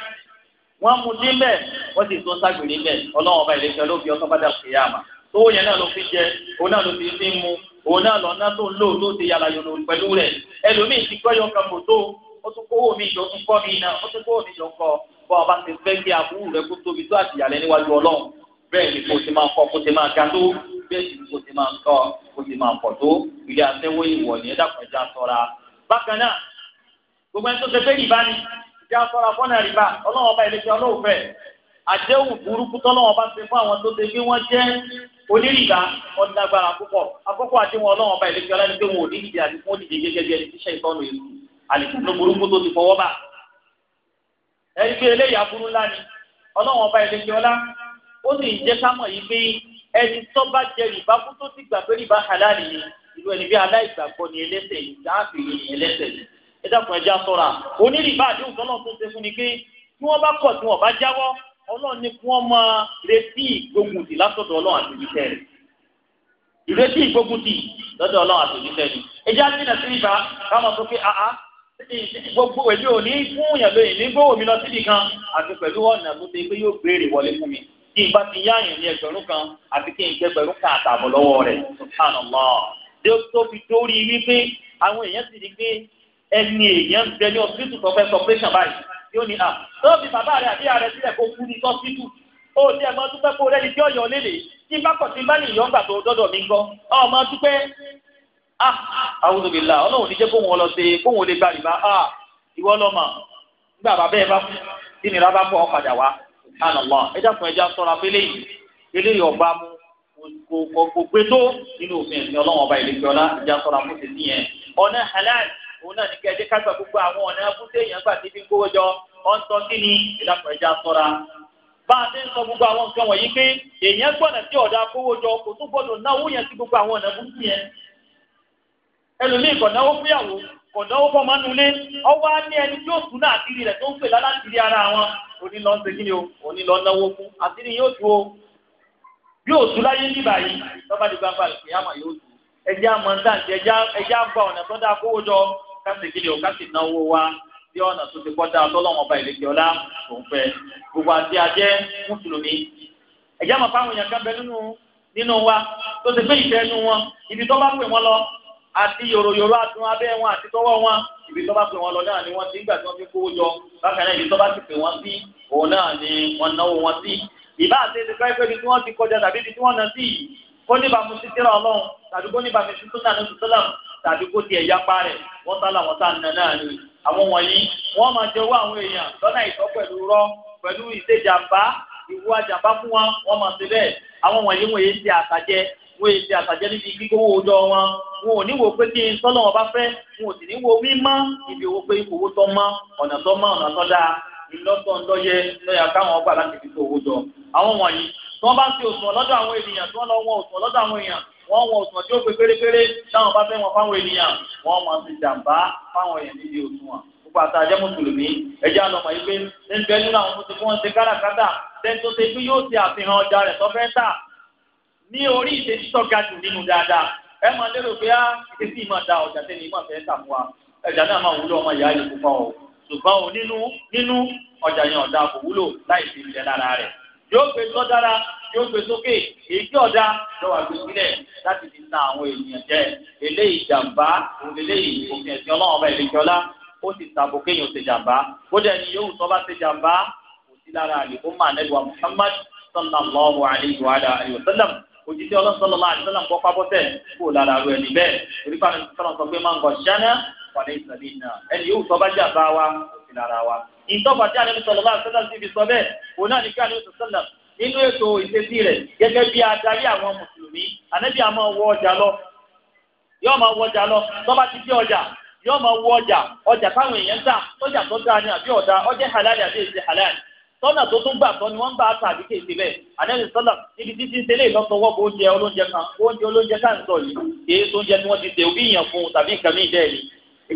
wọ́n mú nílẹ̀ wọ́n sì tún ságbèrè nílẹ̀ ọlọ́run ọba ìlẹ́sẹ̀ ló fi ọtọ́ bá dàpọ̀ ìyá àmà owó yẹn náà ló fi jẹ òun náà ló fi fi mu òun náà lọ́nà tó ń lò tó ti yàrá yòlò pẹ̀lú rẹ̀ ẹlòmíì ti gbọ́yọ̀ kan kò tó ó tún kówó mi jọ tún kọ́ mi náà ó tún kówó mi jọ kọ́ bọ́ ọba ti fẹ́ kí àbúrò rẹ kó tóbi tó àtìyàlẹ́ níwájú ọlọ́run bẹ́ẹ̀ ni kò ti máa kọ́ kó ti máa ga já sọ́ra bákan náà gbogbo ẹni tó ṣe pé rìbá ni ìjà sọ́ra fọ́nà rìbá ọlọ́run ọba ìlẹ́sẹ̀ ọlọ́ọ̀fẹ́ àdéhùn burúkú tọ́lọ́run ọba ṣe fún àwọn tó ṣe pé wọ́n jẹ́ onírìbá ọ̀dàgbàrà púpọ̀ àkọ́kọ́ àdéhùn ọlọ́run ọba ìlẹ́sẹ̀ ọlọ́run pé wọn ò ní ìdí àti fún òdìdí gẹ́gẹ́ bí ẹni tíṣẹ́ ìtọ́nu ìlú àlìkùnú burúkú tó ti fọwọ́ bá ẹni pé eléyà burú ńlá ni ọlọ́run ọba ìlẹ́sẹ̀ ọlá ó sì ń jẹ́ sámọ̀ yìí pé ẹni bí aláìgbàgbọ́ ni ẹlẹ́sẹ̀ ni ẹ dákun ẹja ṣọ́ra onírìbá àdéhùn tọ́lọ́ tó ṣe fún ni pé tí wọ́n bá kọ̀ tí wọ́n bá jáwọ́ ọlọ́run ni kí wọ́n máa retí ìgbóguntì látọ̀dọ̀ ọlọ́run àti ìjíṣẹ́ rẹ̀ ìrètí ìgbóguntì lọ́dọ̀ ọlọ́run àti ìjíṣẹ́ rẹ̀ ẹja nínà sí ìbá káwọn sọ pé àá gbogbo èmi ò ní fún yàn lóyìn ní gbówó mi lọ síbi kan àti pẹ̀lú ọ̀nà tó ṣe pé yóò béèrè wọlé fún mi kí n bá ti yáàyàn ní ẹgbẹ̀rún kan àti kí n gbẹgbẹ̀rún kan àtààbọ̀ lọ́wọ́ rẹ̀ subhanallah tó fi dórí wípé àwọn èèyàn sì rí pé ẹni èèyàn bẹ ní ọsibítù tó fẹ́ sọpẹ́ṣàn báyìí yóò ní à lọ́wọ́ fi bàbá rẹ̀ àbí ààrẹ sílẹ̀ kó kú ní sọ́sibítù ó ní ẹ̀mọ́ dúpẹ́ kó rẹ́ni tí ọ̀yọ́ lélẹ̀ tí bá pọ̀ sí bá ní ìyọ́ngbà tó dọ́dọ̀ mi gan ọmọ dúpẹ́ ah a'udhu billah ọlọ́run ní jẹ́ kóhun ọlọ ṣe kóhun olè gba rìbá ah ìwọ lọ́mọ nígbà bàbá ẹ bá fún tí nira bá pọ̀ ọ̀padà wá ànàmọ́ ẹ dákun ẹja sọ́ra pé léyìí eléyìí ọba mú kò kò gbé tó nínú òfin ẹ̀sìn ọlọ́run ọba ìlẹ́gbẹ̀ọ́lá ẹja sọ́ra mú ti sí yẹn ọ̀nà halal òun náà ní kí ẹjẹ kágbà gbogbo àwọn ọ̀nà abúlé èèyàn gbà níbi gbówó jọ ọ̀ǹtọ́ kí ni ìdàpọ̀ ẹja sọ́ra. bá a ti ń sọ gbogbo àwọn nǹkan wọ̀nyí pé èèyàn gbọ́nà tí ọ̀dà gbówó jọ kò tún gbọ́dọ̀ náwó yẹn sí gbogbo àwọn ọ̀nà abúlé yẹn. ẹlòmíì kò náwó fúyàwó kò náwó fọmọ nulẹ̀ ọwọ́ á ní ẹni tí ó sùn náà ń ara kásì kí ni o kásì náwó wa tí ọ̀nà tó ti kọjá ọlọ́wọ́n ọba ìlẹ́kẹ̀ ọlá tó ń fẹ́ gbogbo àti ajẹ́ mùsùlùmí. ẹ̀jẹ̀ mọ̀ fáwọn èèyàn kan bẹ nínú nínú wa tó ti fẹ́ ìfẹ́ nínú wọn ibi tó bá pè wọ́n lọ àti yòròyòrò àtún abẹ́ wọn àti tọwọ́ wọn ibi tó bá pè wọ́n lọ náà ni wọ́n ti ń gbà tí wọ́n fi kówó jọ bákan náà ibi tó bá ti pè wọ́n sí òun náà ni wọ́n náwó wọn sí ìbá àti ẹni tó ẹgbẹ́ ibi tí wọ́n ti kọjá tàbí ibi tí wọ́n nà sí kó níbàámu sí tẹ́lẹ̀ ọlọ́run tàbí kó níbàámu sí tó nà ní sùtọ́lá tàbí kó tiẹ̀ yapa rẹ̀ wọ́n sá làwọn tá nà náà ni àwọn wọ̀nyí wọ́n máa jẹ owó àwọn èèyàn lọ́nà ìtọ́ pẹ̀lú rọ́ pẹ̀lú ìṣèjàmbá ìwà jàmbá fún wa wọ́n máa ṣe bẹ́ẹ̀ àwọn wọ̀nyí wọ̀nyí ti àtàjẹ wọ́n èsì àtàjẹ́ níbi kíkówó ọjọ́ wọn wọn ò ní wo pé kí n sọ́nà wọn bá fẹ́ wọn ò sì ní wo mímọ́ ibi owó pé owó tọ́ mọ́ ọ̀nà tọ́ mọ́ ọ̀nà tọ́ dáa ìlọ́tọ̀ ńlọ́yẹ lọ́yà káwọn ọgbà láti fi kó owó jọ. àwọn wọ̀nyí tí wọ́n bá ń fi òsùn ọlọ́dọ̀ àwọn ènìyàn tí wọ́n lọ wọn òsùn ọlọ́dọ̀ àwọn èèyàn wọ́n wọ òṣùwọ̀n tí ó pé pérépéré táwọn bá fẹ́ wọn fáwọn ènìyàn wọ́n máa fi jàǹbá fáwọn èèyàn níbi òṣùwọ̀n gbogbo àti àjẹ́ mùsùlùmí ẹjẹ́ àlọ́mọ yìí pé ṣé ń bẹ nínú àwọn tó ti fún wọn ṣe káràkátà tẹ́ni tó ṣe pé yóò ṣe àfihàn ọjà rẹ̀ tó fẹ́ tà ní orí ìṣesí tó ga jù nínú dáadáa ẹ máa lérò pé á ah, ìṣesí ìmọ̀ da ọjà tẹ́ni ìmọ̀ fẹ́ tà fún wa ẹ̀jà náà máa wúlò ọmọ ìyá yìí púpọ̀ o ṣùgbọ́n o nínú nínú ọjà yẹn ọ̀dà kò wúlò láì yóò gbé tó dára yóò gbé sókè èyí ọ̀dà lọ́wọ́ àgbè sílẹ̀ láti fi ta àwọn ènìyàn jẹ eléyìí jàǹbá eléyìí òfin ẹ̀sìn ọlọ́run ọba ìlẹ́jọ́lá ó ti tàbó kéèyàn ṣe jàǹbá kódà ẹni yóò tó bá ṣe jàǹbá kò sí lára àlèkó mà nẹ́lùwà Muhammad sallallahu alayhi wa alayhi wa sallam òjijì ọlọ́sọ̀lọ́ máa ṣẹlẹ̀ ń kọ́pá bọ́tẹ̀ kó lára rẹ̀ níbẹ̀ orí fáwọn sí lára wa. ìtọ́fà tí àlẹ́ sọ̀rọ̀ bá sọ́dọ̀ sí ibi sọ bẹ́ẹ̀ òun náà ní kí sọ̀rọ̀ nínú ètò ìṣesí rẹ̀ gẹ́gẹ́ bí adarí àwọn mùsùlùmí ànábì àmọ́ wọ ọjà lọ yóò máa wọ ọjà lọ tọ́ba ti ọjà yóò máa wọ ọjà ọjà táwọn èèyàn ọjà tó dáa ni àbí ọ̀dà àbí èsì tọ́nà tó tún gbà tọ́ ni wọ́n bá a tàbí kéèké bẹ́ẹ̀ ànábì sọ́lá níbi títí ń tẹ́lẹ̀ oúnjẹ olóúnjẹ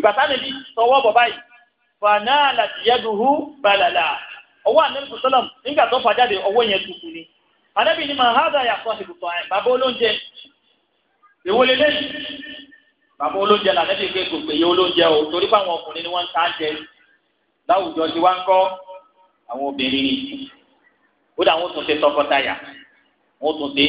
kan fanáàlà tìyẹ́dùhù Balala, ọwọ́ ànábì sọ́lọ́m nígbà tó fà jáde ọwọ́ yẹn tutù ni ànábì ni màá hádà yàtọ̀ ìbùsọ̀ ẹ̀ bàbá olóúnjẹ ìwọlé lẹ́yìn bàbá olóúnjẹ là ànábì pé kò péye olóúnjẹ o torí fáwọn ọkùnrin ni wọ́n ń ta jẹ láwùjọ tí wọ́n ń kọ́ àwọn obìnrin ni ó dà wọ́n tún ṣe tọkọtaya wọn tún dé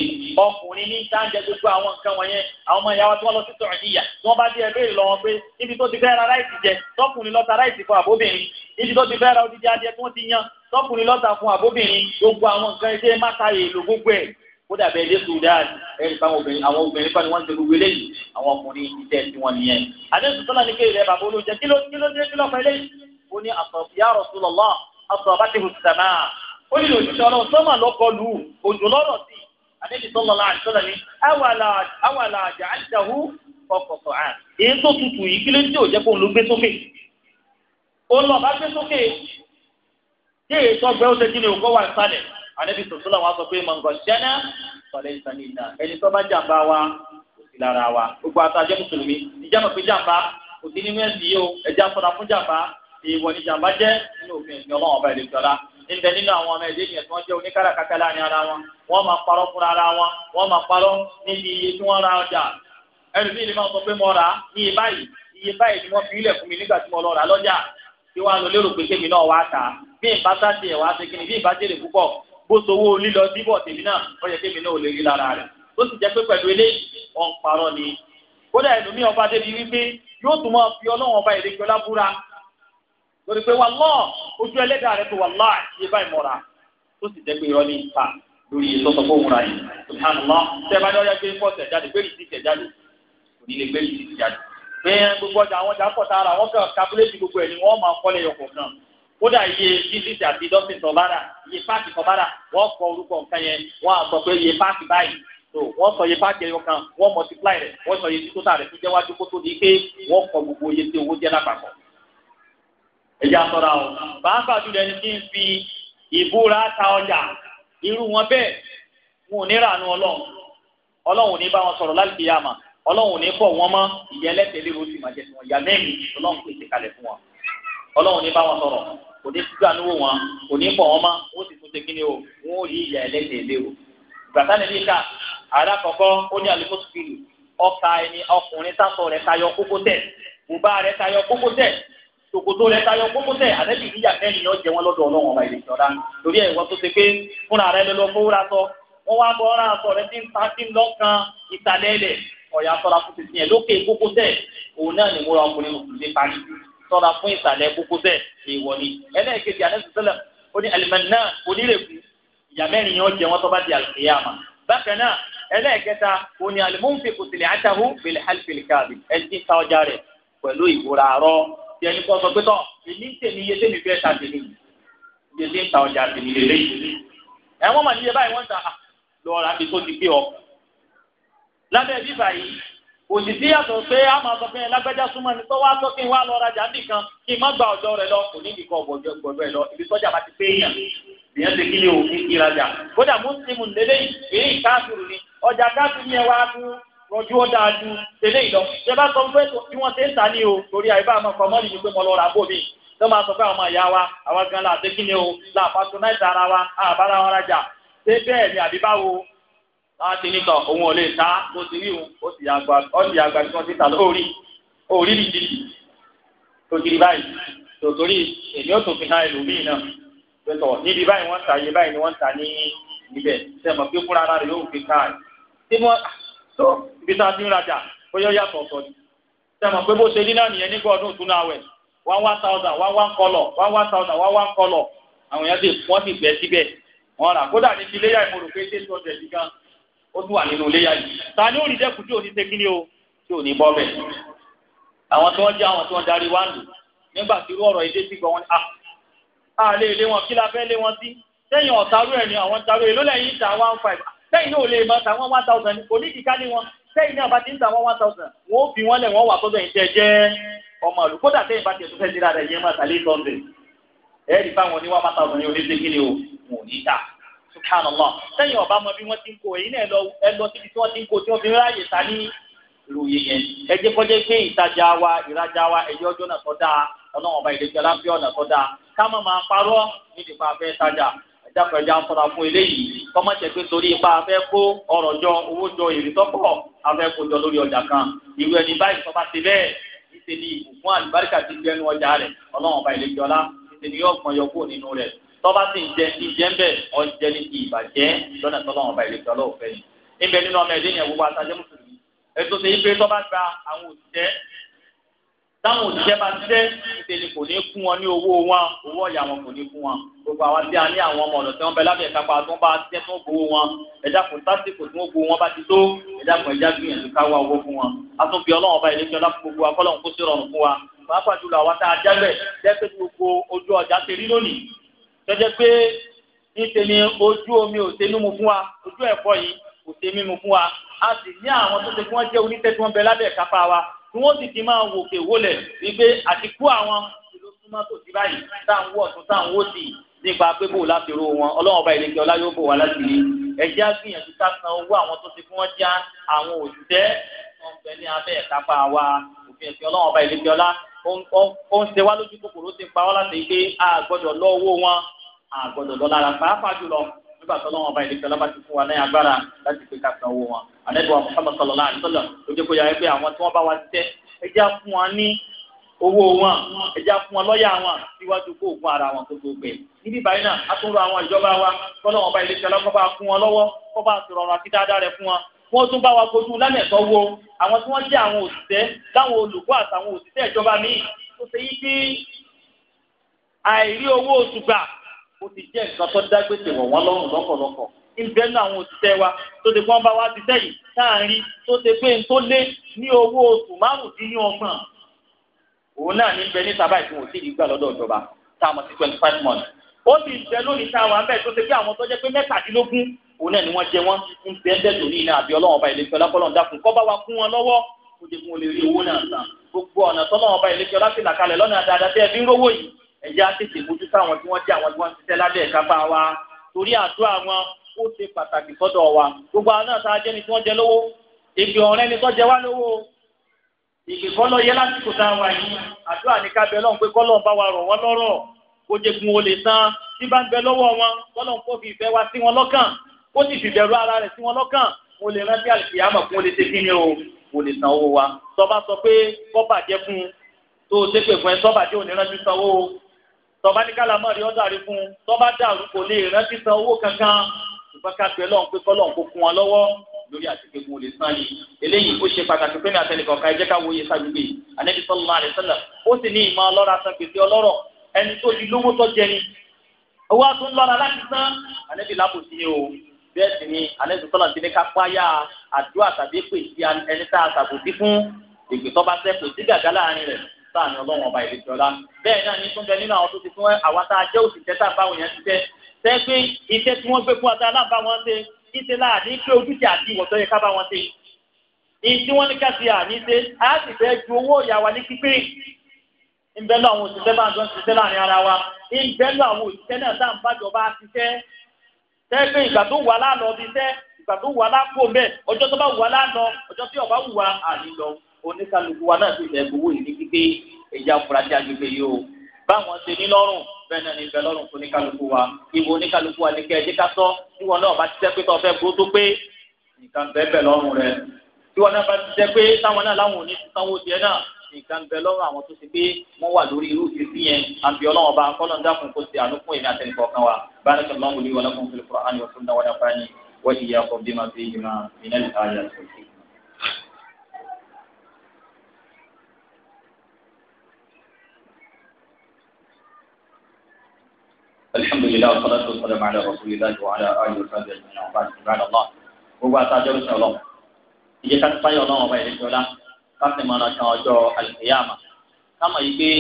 ọkùnrin ní sáńjẹ gbogbo àwọn nǹkan wọ̀nyẹn àwọn ọmọ ìyàwó tí wọn lọ sí Saudiya tí wọn bá dé ẹgbẹ́ ìlọ wọn pé níbi tó ti fẹ́ ra ráìsì jẹ tọkùnrin lọ́ta ráìsì fún àbóbìnrin níbi tó ti fẹ́ ra odidi adìẹ tí wọ́n ti yan tọkùnrin lọ́ta fún àbóbìnrin gbogbo àwọn nǹkan ẹgbẹ́ máta èèlò gbogbo ẹ̀ kó dàbẹ̀ ilé Sudan ẹ̀rí fáwọn obìnrin àwọn obìnrin fáwọn wọn ti gbogbo eléyìí àwọn ọkùnrin iṣẹ́ tí wọ́n nìyẹn adéṣù sọ́nà ní kéèrè bàbá olóúnjẹ kí ló dé kí ló fẹ́ eléyìí ó ní àtọ̀ ya Rasulullah àtọ̀ abátihùn sàmáà onye ní òṣìṣẹ́ ọrụ sọ́mà lọ́kọ́ lù ú òjò si sí i àdébí sọ́lọ́ la àṣọlẹ̀ ni awàlà àjà àjàwú ọkọ̀tọ̀ à èyí tó tutù yìí kí tí ò jẹ́ kó ń gbé sókè ó lọ bá gbé sókè tí èyí tó gbẹ́ ó ṣe kí ni òkú wà sálẹ̀ àdébí sọ̀tọ́lá wa sọ pé ẹni tó bá jàmbá wa kò sí lára wa gbogbo ata jẹ́ mùsùlùmí ìjà mọ̀ pé jàmbá ọba níbẹ̀ nínú àwọn ọmọ ẹ̀dẹ́ yẹn tí wọ́n jẹ́ oníkàràkátà láàrin ara wọn wọ́n máa parọ́ fúnra ara wọn wọ́n máa parọ́ níbi iye tí wọ́n ra ọjà ẹlòmíì ni máa sọ pé mo rà á iye báyìí iye báyìí ni wọ́n fi ilẹ̀ fún mi nígbà tí mo lọ rà lọ́jà tí wọ́n á lọ lérò pé tèmi náà wá tà á bí n bá sáti ẹ̀ wá segin bí n bá jèrè púpọ̀ bó sowó lílọ bíbọ̀ tèmi náà ó yẹ tèmi náà ò lè rí lára rẹ̀ ó sì jẹ́ pé pẹ̀lú eléyìí wọ́n parọ́ ni kódà ẹlòmíì ọba débi wípé yóò tún máa fi ọlọ́wọ́n ọba lórí pé wàllọ́ ojú ẹlẹ́dàá rẹ pé wàllọ́ àti ibà ìmọ̀ra tó sì jẹ́ pé irọ́ ní ipa lórí ìtọ́sọ fún òun ra yìí subhanallah tẹ́ẹ̀bá ní ọjà gbé pọ́ọ̀tẹ̀ jáde gbé rìsíìtì jáde kò ní lè gbé rìsíìtì jáde pé gbogbo ọjà àwọn ọjà pọ̀ tààrà wọ́n kàn kábúlẹ́tì gbogbo ẹ̀ ni wọ́n máa kọ́lé ọkọ̀ náà kódà iye bísíìsì àti dọ́sìn tọ́bára iye páàkì tọ́bára wọ́n kọ orúkọ nǹkan yẹn wọ́n á sọ pé iye páàkì báyìí so wọ́n sọ iye páàkì ẹyọ kan wọ́n multiply rẹ̀ wọ́n sọ iye títọ́ta rẹ̀ tó jẹ́ wájú kó tó di pé wọ́n kọ gbogbo iye tí owó jẹ́ lápapọ̀ ẹ̀já sọ̀rọ̀ àwọn pàápàá jùlọ ẹni tí ń fi ìbúra ta ọjà irú wọn bẹ́ẹ̀ wọn ò ní ràánú ọlọ́run ọlọ́run ò ní bá wọn sọ̀rọ̀ láti yàmà ọlọ́run ò ní pọ̀ wọn mọ́ ìyẹn lẹ́tẹ̀lé ló sì máa jẹ tiwọn ìyá mẹ́rin ọlọ́run pèsè kalẹ̀ fún wọn ọlọ́run ò ní bá wọn sọ̀rọ̀ kò ní gbàánú wò wọn kò ní pọ̀ wọn mọ́ ó sì tún ṣe kí ni o wọn ò yí ìyá ẹlẹ́tẹ̀lé o gbàtà níbi ká ara kọ̀kọ́ ó ní alimọ́sùkìlù ọkà ẹni ọkùnrin sásọ rẹ̀ tayọ kókó tẹ̀ tòkòtò rẹ tayọ kókósẹ̀ àlẹbí níyà mẹ́rin yọ jẹ wọn lọ́dọ̀ Ọlọ́run ọba ìrètí ọdá lórí ẹwọ tó ṣe pé fúnra rẹ lọlọ fowó ra sọ wọn wá bọ ọ̀rọ̀ àtọ rẹ tí ń ta tí ń lọkàn ìsàlẹ̀ ẹlẹ ọyà ṣọ́ra fún títí yẹn lókè kókósẹ̀ òun náà ni múra ọkùnrin mùsùlùmí parí ṣọ́ra fún ìsàlẹ̀ kókósẹ̀ èèwọ̀ ni ẹlẹ́ẹ̀kejì alẹ́sọ̀tẹ́lẹ̀ ó ní alimẹ́nà onírèkú ìyà mẹ́rin yọ jẹ wọn tó bá di àlùkìyàmà bákan náà tí ẹni kọ́ sọ pé tọ́ èmi ń tèmi iye tèmi fẹ́ ta tèmi iye tí ń ta ọjà tèmi lè léyìí ẹ̀wọ́n mà níye báyìí wọ́n ń ta ah, lọ́ọ̀rọ̀ àti tó ti gbé ọ. lábẹ́ bíbà yìí òṣìṣì yàtọ̀ pé a máa sọ pé lágbájá súnmọ́ ni tó wá sọ kí n wá lọ rajà nìkan kí n má gba ọ̀dọ́ rẹ lọ kò ní nìkan ọ̀gbọ̀dọ̀ ọ̀gbọ̀dọ̀ ẹ lọ ibi sọ́jà bá ti pé èèyàn èèyàn ti kílè òfin kí rajà kódà mùsùlùmù lélẹ́yìn èyí káàkiri ni ọjà káàkiri yẹn wá fún rọjú ó dáa ju tẹ́lẹ̀ ìlọ ṣe sọ pé bí wọ́n ṣe ń tà ní o torí àyíká àmọ́ kọ́mọ́lì ni pé mo lọ rà bò mí tó máa sọ pé àwọn ìyá wa àwa gan la àti kíni o la patronize ara wa àbára wa rajà ṣé bẹ́ẹ̀ ni àbí báwo láti nítọ̀ òun ò lè ta bó ti rí òun ó sì àgbà ó sì àgbà tí wọ́n ti tà lórí orí nìdí tó kiri báyìí tòtòrí èmi ò tó fi hàn ẹlòmíì náà pẹ̀tọ̀ níbi báyìí wọ́n ta ni wọ́n ta ní ibẹ̀ sẹ́mọ̀ pé fúnra rẹ̀ tó ibi tá a ti ń rajà bóyá yàtọ̀ ọ̀tọ̀ ni sẹ́mọ̀ pé bó ṣe ní náà nìyẹn nígbà ọdún ìtúnu àwẹ̀ one one thousand one one kọlọ̀ one one thousand one one kọlọ̀ àwọn èèyàn ti wọ́n ti gbẹ síbẹ̀ wọ́n rà kódà ní ti iléyà ìmọ̀rò pé ṣé sọ̀tẹ̀ yìí gan ó tún wà nínú iléyà yìí ta ni ó rí dẹ́kun tí ò ní sekí ni o tí ò ní bọ́ bẹ̀ àwọn tí wọ́n jẹ́ àwọn tí wọ́n darí wá lù nígbà tí irú ọ̀rọ̀ èdè ti gbọ́ wọn a a lè lé wọn kí la fẹ́ lé wọn sí sẹ́yìn ọ̀tarú ẹ̀ ni àwọn tarú èló lẹ́yìn ìta one five sẹ́yìn náà ò lè máa ta wọ́n one thousand onídìí ká ní wọn sẹ́yìn náà bá ti ń ta wọ́n one thousand wọ́n ó fi wọ́n lẹ̀ wọ́n wà sọ́dọ̀ ìjẹ́ jẹ́ ọmọ àlù kódà sẹ́yìn bá ti ẹ̀tún fẹ́ẹ́ síra rẹ̀ yẹn máa tàlé sọ́ndẹ̀ ẹ̀ẹ́dì báwọn ní one thousand yóò lé kí ni o wọn ò ní ta subhanallah sẹ́yìn ọba mọ bí wọ́n ti ń kó èyí náà ẹ lọ síbi tí wọ́n ti ń kó tí wọ́n fi ráàyè ta ní ìròyìn yẹn dákọ̀ ẹja ń fọra fún eléyìí kọ́mọ̀tẹ̀ pé torí ipa afẹ́ kó ọ̀rọ̀ jọ owó jọ èrè tọ́pọ̀ afẹ́ kó jọ lórí ọjà kan ìwé ẹni báyìí sọ́ba ti bẹ́ẹ̀ níṣẹ́ ni ìbùkún àlùbáríkà ti gbẹnu ọjà rẹ̀ ọlọ́run ọba ìlẹ́jọ́ lá níṣẹ́ ni yóò pọn yọ nínú rẹ̀ tọ́ba ti ń jẹ ní jẹ́ ń bẹ̀ ọ jẹ́ ní ti ìbàjẹ́ lọ́nà táwọn òṣìṣẹ́ bá ṣiṣẹ́ ìṣèlú kò ní fún wọn ní owó wọn owó ọ̀yà wọn kò ní fún wọn gbogbo àwọn tí a ní àwọn ọmọ ọ̀dọ̀ tí wọ́n bẹ lábẹ́ ìkápá tó ń bá ṣiṣẹ́ tó ń gbowó wọn ẹ̀dá kò sásìkò tó ń gbowó wọn bá ti tó ẹ̀dá kan ẹ̀dá gbìyànjú ká wá owó fún wọn a tún fi ọlọ́run ọba ìlẹ́kẹ́ ọlá gbogbo akọ́lọ́run kó sí rọrùn fún wa pàápàá jùlọ ni ojú omi ò ṣe mímu tí wọ́n sì ti máa wòkè wólẹ̀ wípé àtikú àwọn ìlú súnmọ́ tó ti báyìí tá à ń wọ̀ tó tá à ń wò sí nípa pé bò láti ro wọn ọlọ́wọ́n ọba ìlẹ́kẹ́ ọlá yóò bò wá láti rí ẹjẹ́ àgbìyànjú ká san owó àwọn tó ti fún wọn já àwọn òṣìṣẹ́ wọn bẹ ní abẹ́ ìkápá wa òfin ẹ̀sìn ọlọ́wọ́n ọba ìlẹ́kẹ́ ọlá ó ń ṣe wá lójú kòkòrò ó ti pa ọ́ láti gbé àgbọ̀dọ̀ lọ́wọ́ wọn àgbọ̀dọ̀ lọ́lára pàápàá jùlọ nígbà tó lọ́wọ́ ọba ìdíkẹ́ lọ́ba ti fún wa ní agbára láti pé ká san owó wọn àlejò wa Muhammad sallallahu alaihi wasallam ló jẹ́ kó yára pé àwọn tí wọ́n bá wa tẹ́ ẹjá fún wọn ní owó wọn ẹjá fún wọn lọ́yà wọn síwájú kó ògùn ara wọn tó tó gbé níbi báyìí náà a tún rọ àwọn ìjọba wa kọ́lọ́wọ́n ọba ìdíkẹ́ lọ́ba bá fún wọn lọ́wọ́ kọ́ bá sọ̀rọ̀ ọ̀rọ̀ àti dáadáa rẹ̀ wọ́n tún bá wa kojú lánàá wo àwọn tí wọ́n jẹ́ àwọn òṣìṣẹ́ láwọn olùkọ́ àtàwọn òṣìṣẹ́ ìjọba míì tó ṣe yí pé àìrí owó oṣù gbà ó ti jẹ́ nǹkan tó dágbèsè wọ̀ wọ́n lọ́rùn lọ́pọ̀lọpọ̀ ìbẹ́ nínú àwọn òṣìṣẹ́ wa tó ti pọ́n bá wá ti sẹ́yìn láàrin tó ti pé n tó lé ní owó oṣù márùndínlọ́gbọ̀n òun náà ní bẹ ní sábà ìfún òsì ìgbà lọ́dọ̀ ìjọba tá mọ̀ sí twenty five months ó sì ń bẹ lónìí tá a wà ń bẹ tó ti pé àwọn tó jẹ́ pé mẹ́tàdínlógún òun náà ni wọ́n jẹ wọ́n ń bẹ ń dẹ̀dùn ní iná àbí ọlọ́run ọba ìlẹ́fẹ́ ọlápọ̀lọ́run dákun kọ́ bá wa kún wọn lọ́wọ́ kó jẹ́ kó lè rí owó náà gbogbo ọ̀nà tọ́lọ́run ọba ìlẹ́fẹ́ ọlápìlà kalẹ̀ lọ́nà dáadáa tẹ́ ẹ ń rówó yìí ẹ̀yà tètè mójú táwọn tí wọ́n jẹ́ àwọn tí wọ́n ti tẹ́ lábẹ́ ìkápá wa torí àdúrà wọn ó ṣe pàtàkì fọ́dọ̀ wa gbogbo àwọn náà sáájẹ́ ni tí wọ́n jẹ lówó ìgbì ọ̀rẹ́ ni tó jẹ wá lówó ìgbì kọ́lọ́ yẹ láti kò táwa yìí àdúrà ní ká bẹ lọ́n pé kọ́lọ́ bá wa rọ̀ wọ́n lọ́rọ̀ kó jẹ gun olè san tí bá ń bẹ lọ́wọ́ wọn kọ́lọ́ kó fi ìfẹ́ wa sí wọn lọ́kàn kó sì fi bẹ̀rù ara rẹ̀ sí wọn lọ́kàn mo lè rántí àlùkìyàmọ̀ fún olè ṣe ni o mo lè san owó wa tọ́ bá sọ pé kọ́ bàjẹ́ fún tó o ṣépè fún ẹ tọ́ bàjẹ́ òní rántí sanwó tọba ní kálámọ rí ọdọ àrí fún tọba dàrú kò lè rántí san owó kankan ṣùgbọ́n ká pẹ́ lọ́n pé kọ́lọ́n kó fún wọn lọ́wọ́ lórí àtìkè fún olè sàn yìí eléyìí ó ṣe pàtàkì pé ní àtẹnìkọ̀ ká ẹ jẹ́ ká wòye sàgbégbè ànẹ́bí sọ́lá rẹ̀ sọ́lá ó sì ní ìmọ̀ ọlọ́ra san gbèsè ọlọ́rọ̀ ẹni tó di lówó tó jẹ ni owó àti ńlọ́ra láti san ànẹ́bí lábò sí o bẹ́ẹ̀ sì ni ànẹ́bí sọ́lá ti ní ká páyà àdúrà tàbí pè sí ẹni tá a sàbòsí fún ìgbésọ́ bá sẹ́kù sí gàgá láàrin rẹ̀ sáàrin ọlọ́run ọba ìlẹ̀jọ́ la bẹ́ẹ̀ náà ní túnbẹ nínú àwọn tó ti fún àwa tá a jẹ́ òṣìṣẹ́ tá a bá wọn yẹn ṣiṣẹ́ sẹ́gbẹ́ iṣẹ́ tí wọ́n gbé fún ata aláàbá wọn ṣe ìṣe láàdí pé ojúṣe àti ìwọ̀ tó yẹ ká wọn ṣe ìṣí wọn ní káṣí àní ṣe á sì fẹ́ ju owó ìyá wa ní pípé ìbẹ́lú àwọn òṣìṣẹ́ bá ń jọ ṣiṣẹ́ láàrin ara wa ìbẹ́lú àwọn òṣìṣẹ́ náà tá à ń bájọba ṣiṣẹ́ sẹ́gbẹ́ ìgbà tó wà lánàá ọbí iṣẹ́ ìgbà tó wà lápò mẹ́ ọjọ́ tó bá wà lánàá ọjọ́ tí ọba wù wá àní lọ oníkàlùkù wa náà ti fẹ́ gbowó yìí ní pípé ẹ̀já afurasí agbègbè yìí o báwọn ṣe ní lọ́rùn bẹ́ẹ̀ náà ní bẹ́ẹ̀ lọ́rùn fún oníkàlùkù wa ìwọ oníkàlùkù wa ní kẹ́ ẹ̀jẹ̀ ká sọ tí wọn náà bá ti sẹ́ pé tó fẹ́ gbó tó pé nǹkan bẹ́ẹ̀ bẹ́ẹ̀ lọ́rùn rẹ tí wọn náà bá ti sẹ́ pé táwọn náà láwọn ò ní sanwó tiẹ̀ náà nǹkan bẹ lọ́rùn àwọn tó ti gbé wọ́n wà lórí irú ìfísí yẹn àbí ọlọ́wọ́n bá kọ́lọ́n dákun kó ti àánú èmi àtẹnì kọ̀ọ̀kan wa báyìí kí ọlọ́run wòlíì wọn lọ́kùnrin fún ìfúra àni wọ́n fún náwó dáfáàní wọ́n ti yẹ ọkọ̀ bímọ sí ìgbìmọ̀ ìnẹ́lẹ̀ ayé àti òkè. الحمد لله والصلاة والسلام على رسول الله وعلى آله وصحبه أجمعين وبعد عباد الله gbogbo àtàjọ ló sọ̀rọ̀ ìjẹ́ ká báyọ̀ ọlọ́run ọba ìlẹ́jọ́ ọlá ká sì máa ràn kan ọjọ́ àlùkìyàmà ká mọ̀ yìí pé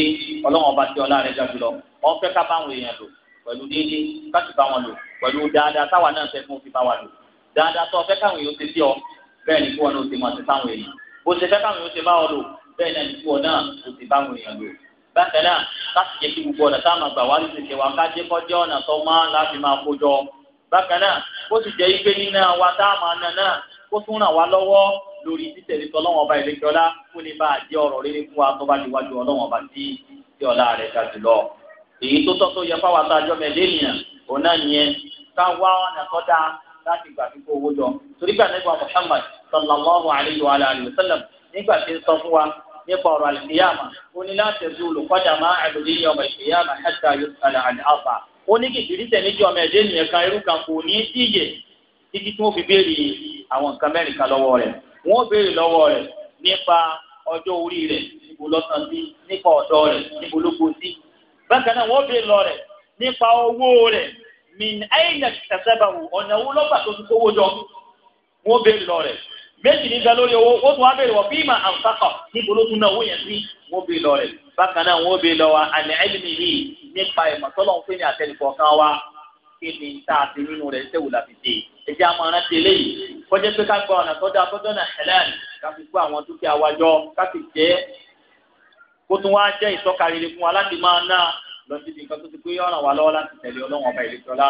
ọlọ́run ọba tí ọlá rẹ̀ ga jùlọ wọ́n fẹ́ ká báwọn èèyàn lò pẹ̀lú déédéé ká sì bá wọn lò pẹ̀lú dáadáa táwa náà fẹ́ fún fi bá wa lò dáadáa tó fẹ́ káwọn èèyàn ti sí ọ bẹ́ẹ̀ ni kí wọn náà ti máa ti sáwọn èèyàn bó ṣe fẹ́ káwọn èèyàn ti bá ọ lò bẹ́ẹ̀ náà ni kí wọn náà ti báwọn èèyàn lò bákan náà láti jẹ́ kí gbogbo ọ̀nà táwọn àgbà wá ní tètè wá ká jẹ́ kọjá ọ̀nà tó máa láti máa kójọ bákan náà ó sì jẹ́ ike nínú wa táwọn àna náà kó tún ràn wá lọ́wọ́ lórí títẹ̀lé tọ́lọ́wọ́n ọba ìlẹ́kẹ́ọ́lá kó lè bá a jẹ́ ọ̀rọ̀ rere fún wa tó bá di wájú ọlọ́wọ́n ọba tí tí ọlá rẹ̀ ga jùlọ. èyí tó tọ́ tó yẹ fáwọn àtàjọ mẹ́lẹ́nìyàn òun náà yẹn ká wá ọ̀nà tó dáa láti gbà fífó nípa ọ̀rọ̀ àlùkìyàmà ó ní láti ẹ̀sùn olùkọ́jà máa àlùdí ní ọmọ ìkìyàmà ẹ̀ka yóò kalẹ̀ àlẹ́ àfà ó ní kìkìrì tẹ̀méjì ọmọ ẹ̀dẹ́ nìyẹn kan irú kan kò ní díje títí tí wọ́n fi béèrè àwọn nǹkan mẹ́rin kan lọ́wọ́ rẹ̀ wọ́n béèrè lọ́wọ́ rẹ̀ nípa ọjọ́ orí rẹ̀ níbo lọ́sàn sí nípa ọ̀dọ́ rẹ̀ níbo ló kó sí bákan náà wọ́n béèrè lọ méjì ní ga lórí owó ó tún wá bèrè wọ bímọ àǹfàkọ níbo ló tún náà owó yẹn sí wọn bè lọ rẹ bákan náà wọn bè lọ wa àní ẹlẹmi yìí nípa ìmọ̀tọ́lọ̀ ń pè ní àtẹnukọ̀ kan wa kí ni tá a ti nínú rẹ̀ ṣé wò láti dé ẹ jẹ́ àmọ́ ọ̀nà tẹ́lẹ̀ yìí kọjá pé ká gba ọ̀nà tọ́jú àtọ́jọ́ náà hẹ́lẹ́n ká fi kó àwọn dúkìá wa jọ ká sì jẹ́ kó tún wá jẹ́ ìtọ́kariri fún wa láti máa ná lọ síbi nǹkan tó ti pé ọ̀ràn wa lọ́wọ́ láti tẹ̀lé ọlọ́run ọba ìlẹ́sọ̀lá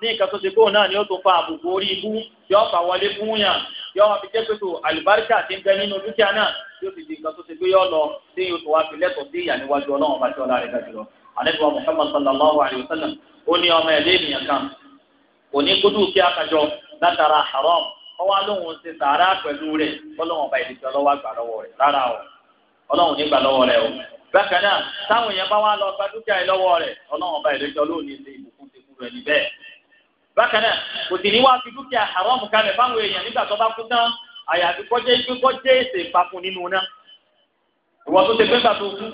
ní nǹkan tó ṣe kóun náà ni ó tó fa àbùkù orí ibú yọ fà wọlé fún yàn yọ wá fi jẹ́ pé tó àlùbáríkà ti ń bẹ nínú dúkìá náà yóò fi di nǹkan tó ṣe pé yọ lọ sí yóò tó wá fi lẹ́tọ̀ọ́ sí ìyà níwájú ọlọ́run bá tí ọlá rẹ̀ gàdúrà àlejò Muhammad sallallahu alayhi wa sallam ó ní ọmọ ẹ̀lẹ́ ènìyàn kan kò ní kúdù kí akàjọ látara haram ọwọ́ alóhùn ṣe sàárà pẹ̀lú rẹ̀ ọlọ́run ọba ìdíje ọlọ́wà bá wá lọ́wọ́ bákan náà kò sì ní wá fi dúkìá haram kalẹ̀ fáwọn èèyàn nígbà tó bá kú tán àyàfi kọjá ikú kọjá èsè ìpapùn nínú náà ìwọ tó ti pé nígbà tó kú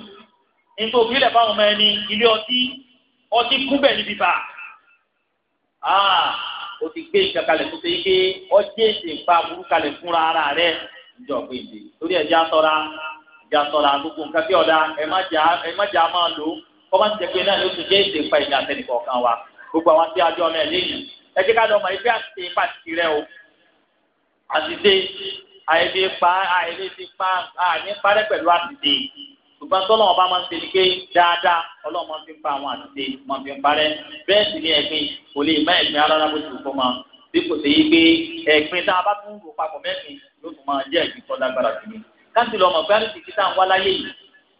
nítorí òfin ilẹ̀ fáwọn ọmọ ẹni ilé ọtí ọtí kú bẹ̀ níbi bá ah, o ti gbé ìjà kalẹ̀ tó ṣe yí pé ọjọ́ èsè ìpapùn kalẹ̀ fúnra ara rẹ̀ ìjọ pé ìdè torí ẹ̀já sọ́ra ẹ̀já sọ́ra gbogbo nǹkan tí ọ̀dà ẹ̀ má jà máa lò kọ́ bá ti jẹ́ pé náà ló ti jẹ́ èsè ìpa ìjà àtẹnìkọ̀ọ̀kan wa gbogbo àwọn tí a jọ ọmọ ẹ̀ lẹ́yìn ẹ jẹ́ ká lọ mọ̀ ibi àti pàtìkì rẹ o àtìdé àìlè pa àìlè ti pa àní parẹ́ pẹ̀lú àtìdé ṣùgbọ́n tọ́lọ́ ọba máa ń ṣe ni pé dáadáa ọlọ́run máa ń fi pa àwọn àtìdé máa ń fi parẹ́ bẹ́ẹ̀ sì ni ẹ̀gbin kò lè má ẹ̀gbin alára bó ti wù kó máa bí kò sí pé ẹ̀gbin tá a bá tún rò papọ̀ mẹ́rin ló tún máa jẹ́ ẹ̀gbin tó lágbára jù ní. káṣí lọ́mọ gbárí kí tá wá láyé yìí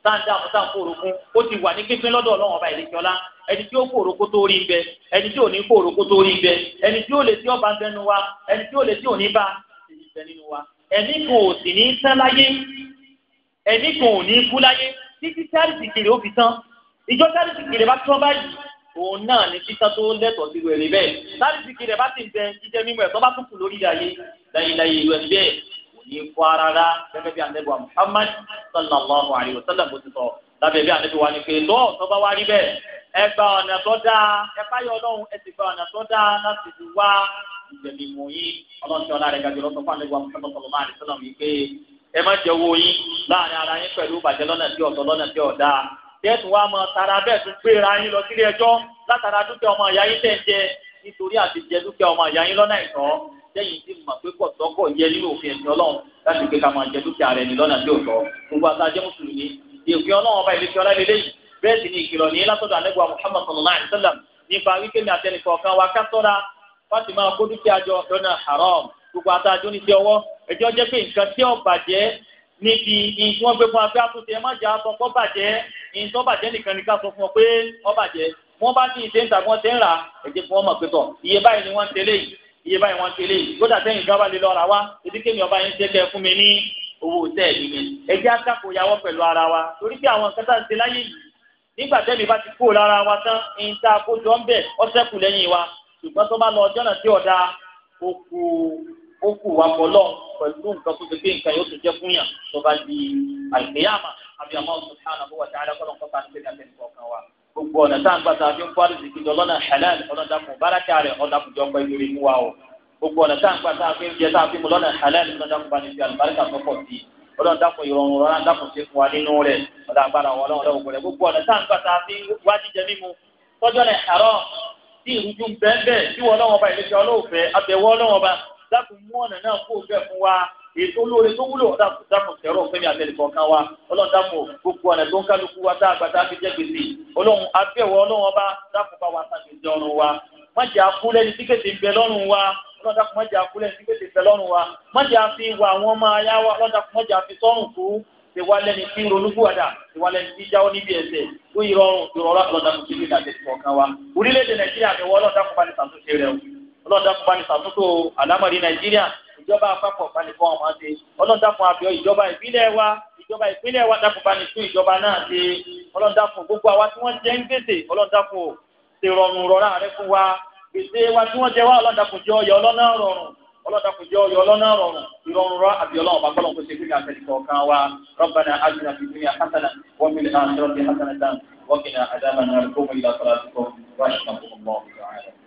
táǹdà mú táǹkó orogún ó ti wà ní pínpín lọ́dọ̀ ọlọ́run ọba ìlẹ́kẹ́ ọlá ẹni tí ó kó orogún tó rí bẹ ẹni tí ò ní kó orogún tó rí bẹ ẹni tí ó lè tí ọba ń bẹnu wa ẹni tí ó lè tí ò ní bá ẹni bẹ nínú wa ẹni kò sì ní tán láyé ẹni kò ní kú láyé títí sáàrìsì kiri ó fi tán ìjọ sáàrìsì kiri bá tán báyìí òun náà ní títà tó lẹ́tọ̀ọ́ sí wẹ̀rẹ̀ bẹ́ẹ̀ sáàrìsì kiri bá ti bẹ ní kọ́ rárá gẹ́gẹ́ bí anabi wa muhammad sallallahu alayhi wa sallam bó ti sọ lábẹ́ bí anabi wa ni pé lọ́ọ̀ tó bá wá rí bẹ́ẹ̀ ẹ gba ọ̀nà tó dáa ẹ fáyọ̀ ọlọ́run ẹ sì gba ọ̀nà tó dáa láti fi wá ìjẹ̀bi mú yín ọlọ́run tí ọ̀la rẹ̀ gàdúrà sọ fún anabi wa muhammad sallallahu alayhi wa sallam yìí pé ẹ má jẹ owó yín láàrin ara yín pẹ̀lú bàjẹ́ lọ́nà tí ọ̀tọ̀ lọ́nà tí ọ̀dá tẹ́tù wa mọ tara bẹ́ẹ̀ tún gbéra yín lọ sílé ẹjọ́ látara dúkìá ọmọ ìyá yín tẹ̀ ń jẹ nítorí àti jẹ dúkìá ọmọ ìyá yín lọ́nà ìtọ́ sẹ́yìn tí mọ̀ pé kọ̀tọ́kọ̀ yẹ nínú òfin ẹ̀sìn ọlọ́run láti pé ká máa jẹ dúkìá rẹ̀ ní lọ́nà tí ò tọ́ gbogbo àti ajé mùsùlùmí ìpín ọlọ́run ọba ìlú fiọ́lá lélẹ́ yìí bẹ́ẹ̀ sì ni ìkìlọ̀ ní látọ̀dọ̀ anẹ́gbà Muhammad sallallahu alayhi sallam nípa wípé mi àtẹnìkọ̀ kan wa ká sọ́ra fáti máa kó dúkìá jọ lọ́nà haram gbogbo àti ajé ní ti ọwọ́ ẹjọ́ jẹ́ pé nǹkan tí ó bàjẹ́ níbi ìyìn tí wọ́n gbé fún afẹ́ àtúnṣe ẹ má jà á sọ pé ó bàjẹ́ ìyìn tó bàjẹ́ nìkan ni ká sọ fún ọ pé ó bàjẹ́ wọ́n bá iye báyìí wọ́n ṣe lé yìí kódà sẹ́yìn gábà lè lọ́ra wa ebi kémi ọba yẹn jẹ́ kẹ́ fún mi ní owó tẹ́ẹ̀lì mi ẹ jẹ́ àtàkùn ìyàwó pẹ̀lú ara wa torí pé àwọn nǹkan tá à ń ṣe láyé yìí nígbà tẹ́mi bá ti kó lára wa tán ń ta àkójọ ń bẹ̀ ọ́sẹ́kù lẹ́yìn wa ṣùgbọ́n tó bá lọ ọjọ́ náà tí ọ̀dà okù okù wa pọ̀ lọ pẹ̀lú nǹkan tó ti nǹkan yóò tún jẹ́ fún yàn tó bá di àlùkìyàmà àbí àmọ́ subhanahu wa ta'ala kọ́ gbogbo ọ̀nà tá à ń gbà tá a fi ń kó àdìsíkì jọ lọ́nà halal ọ̀nà dàkùn bárakà rẹ̀ ọ̀nà dàkùn jọ pé lórí mú wa o gbogbo ọ̀nà tá à ń gbà tá a fi ń jẹ tá a fi mú lọ́nà halal ọ̀nà dàkùn bá ní fi àlùbáríkà sọ́kọ̀ sí i ọlọ́run dàkùn ìrọ̀rùn ọlọ́run dàkùn sí fún wa nínú rẹ̀ ọ̀dà agbára wọn ọlọ́run lọ́wọ́ rẹ̀ gbogbo ọ̀nà tá à ń gbà tá a fi wá jíjẹ mímu tọ́jọ́ rẹ̀ àárọ̀ tí ìrújú bẹ́ẹ̀ bẹ́ẹ̀ tí wọ́n lọ́wọ́ bá ìlẹ́sẹ̀ ọlọ́wọ́ fẹ́ abẹ́wọ́ ọlọ́wọ́ bá dàkùn mú ọ̀nà náà kó o fẹ́ fún wa ètò olóore tó wúlò dákun sẹ̀rọ̀ fẹ́mi àtẹnìkan kan wa ọlọ́run dákun gbogbo ọ̀nà tó ń kálukú wa tá àgbàtà fi jẹ́ gbèsè ọlọ́run abẹ́wọ̀ ọlọ́run ọba dákun bá wa sàgbèsè ọrùn wa má jẹ́ akúlẹ̀ ní tíkẹ́tì ń bẹ lọ́rùn wa ọlọ́run dákun má jẹ́ akúlẹ̀ ní tíkẹ́tì ń bẹ lọ́rùn wa má jẹ́ àfi wà àwọn ọmọ ayá wa ọlọ́run dákun má jẹ́ àfi sọ́rùn fún tiwa lẹni tí ronúkúwàdà tiwa lẹni tí jáwọ́ níbi ẹsẹ̀ tó ìrọrùn ìrọrọ ọlọdàkùn tí nígbà tẹsí ọkàn wa orílẹ̀-èdè nàìjíríà ni wọn ọlọdàkùn bá ní ṣàtúnṣe rẹ̀ o ọlọdàkùn bá ní ṣàtúnṣe àlámọ̀rí nàìjíríà ìjọba àpapọ̀ panìkan ọmọ ṣe ọlọ́dàkùn àbíọ́ ìjọba ìbílẹ̀ wa ìjọba ìpínlẹ̀ wa dàkùn panìkan ìjọba náà ṣe ọlọ́dàkùn gbogbo àwa tí wọ́n jẹ́ ń gbèsè ọlọ́dàkùn ò ṣe rọrùn rọra rẹ fún wa gbèsè wa tí wọ́n jẹ wá ọlọ́dàkùn jẹ́ ọyọ ọlọ́nà rọrùn ọlọ́dàkùn jẹ́ ọyọ ọlọ́nà rọrùn ìrọ̀rùn rọ àbí ọlọ́run bá gbọ́dọ̀ kó ṣe fún ìgbàsẹ̀ kọ̀ọ̀kan wa rọ́bàdà àdúrà fìdúnyà hasana wọ́n mi lè hàn ṣọ́ọ̀tì hasana dán wọ́n kìnnà àdàbà náà kó mi ìlà sọ́lá tó kọ́ wáṣíkà fún ọmọ ọ̀gá rẹ̀.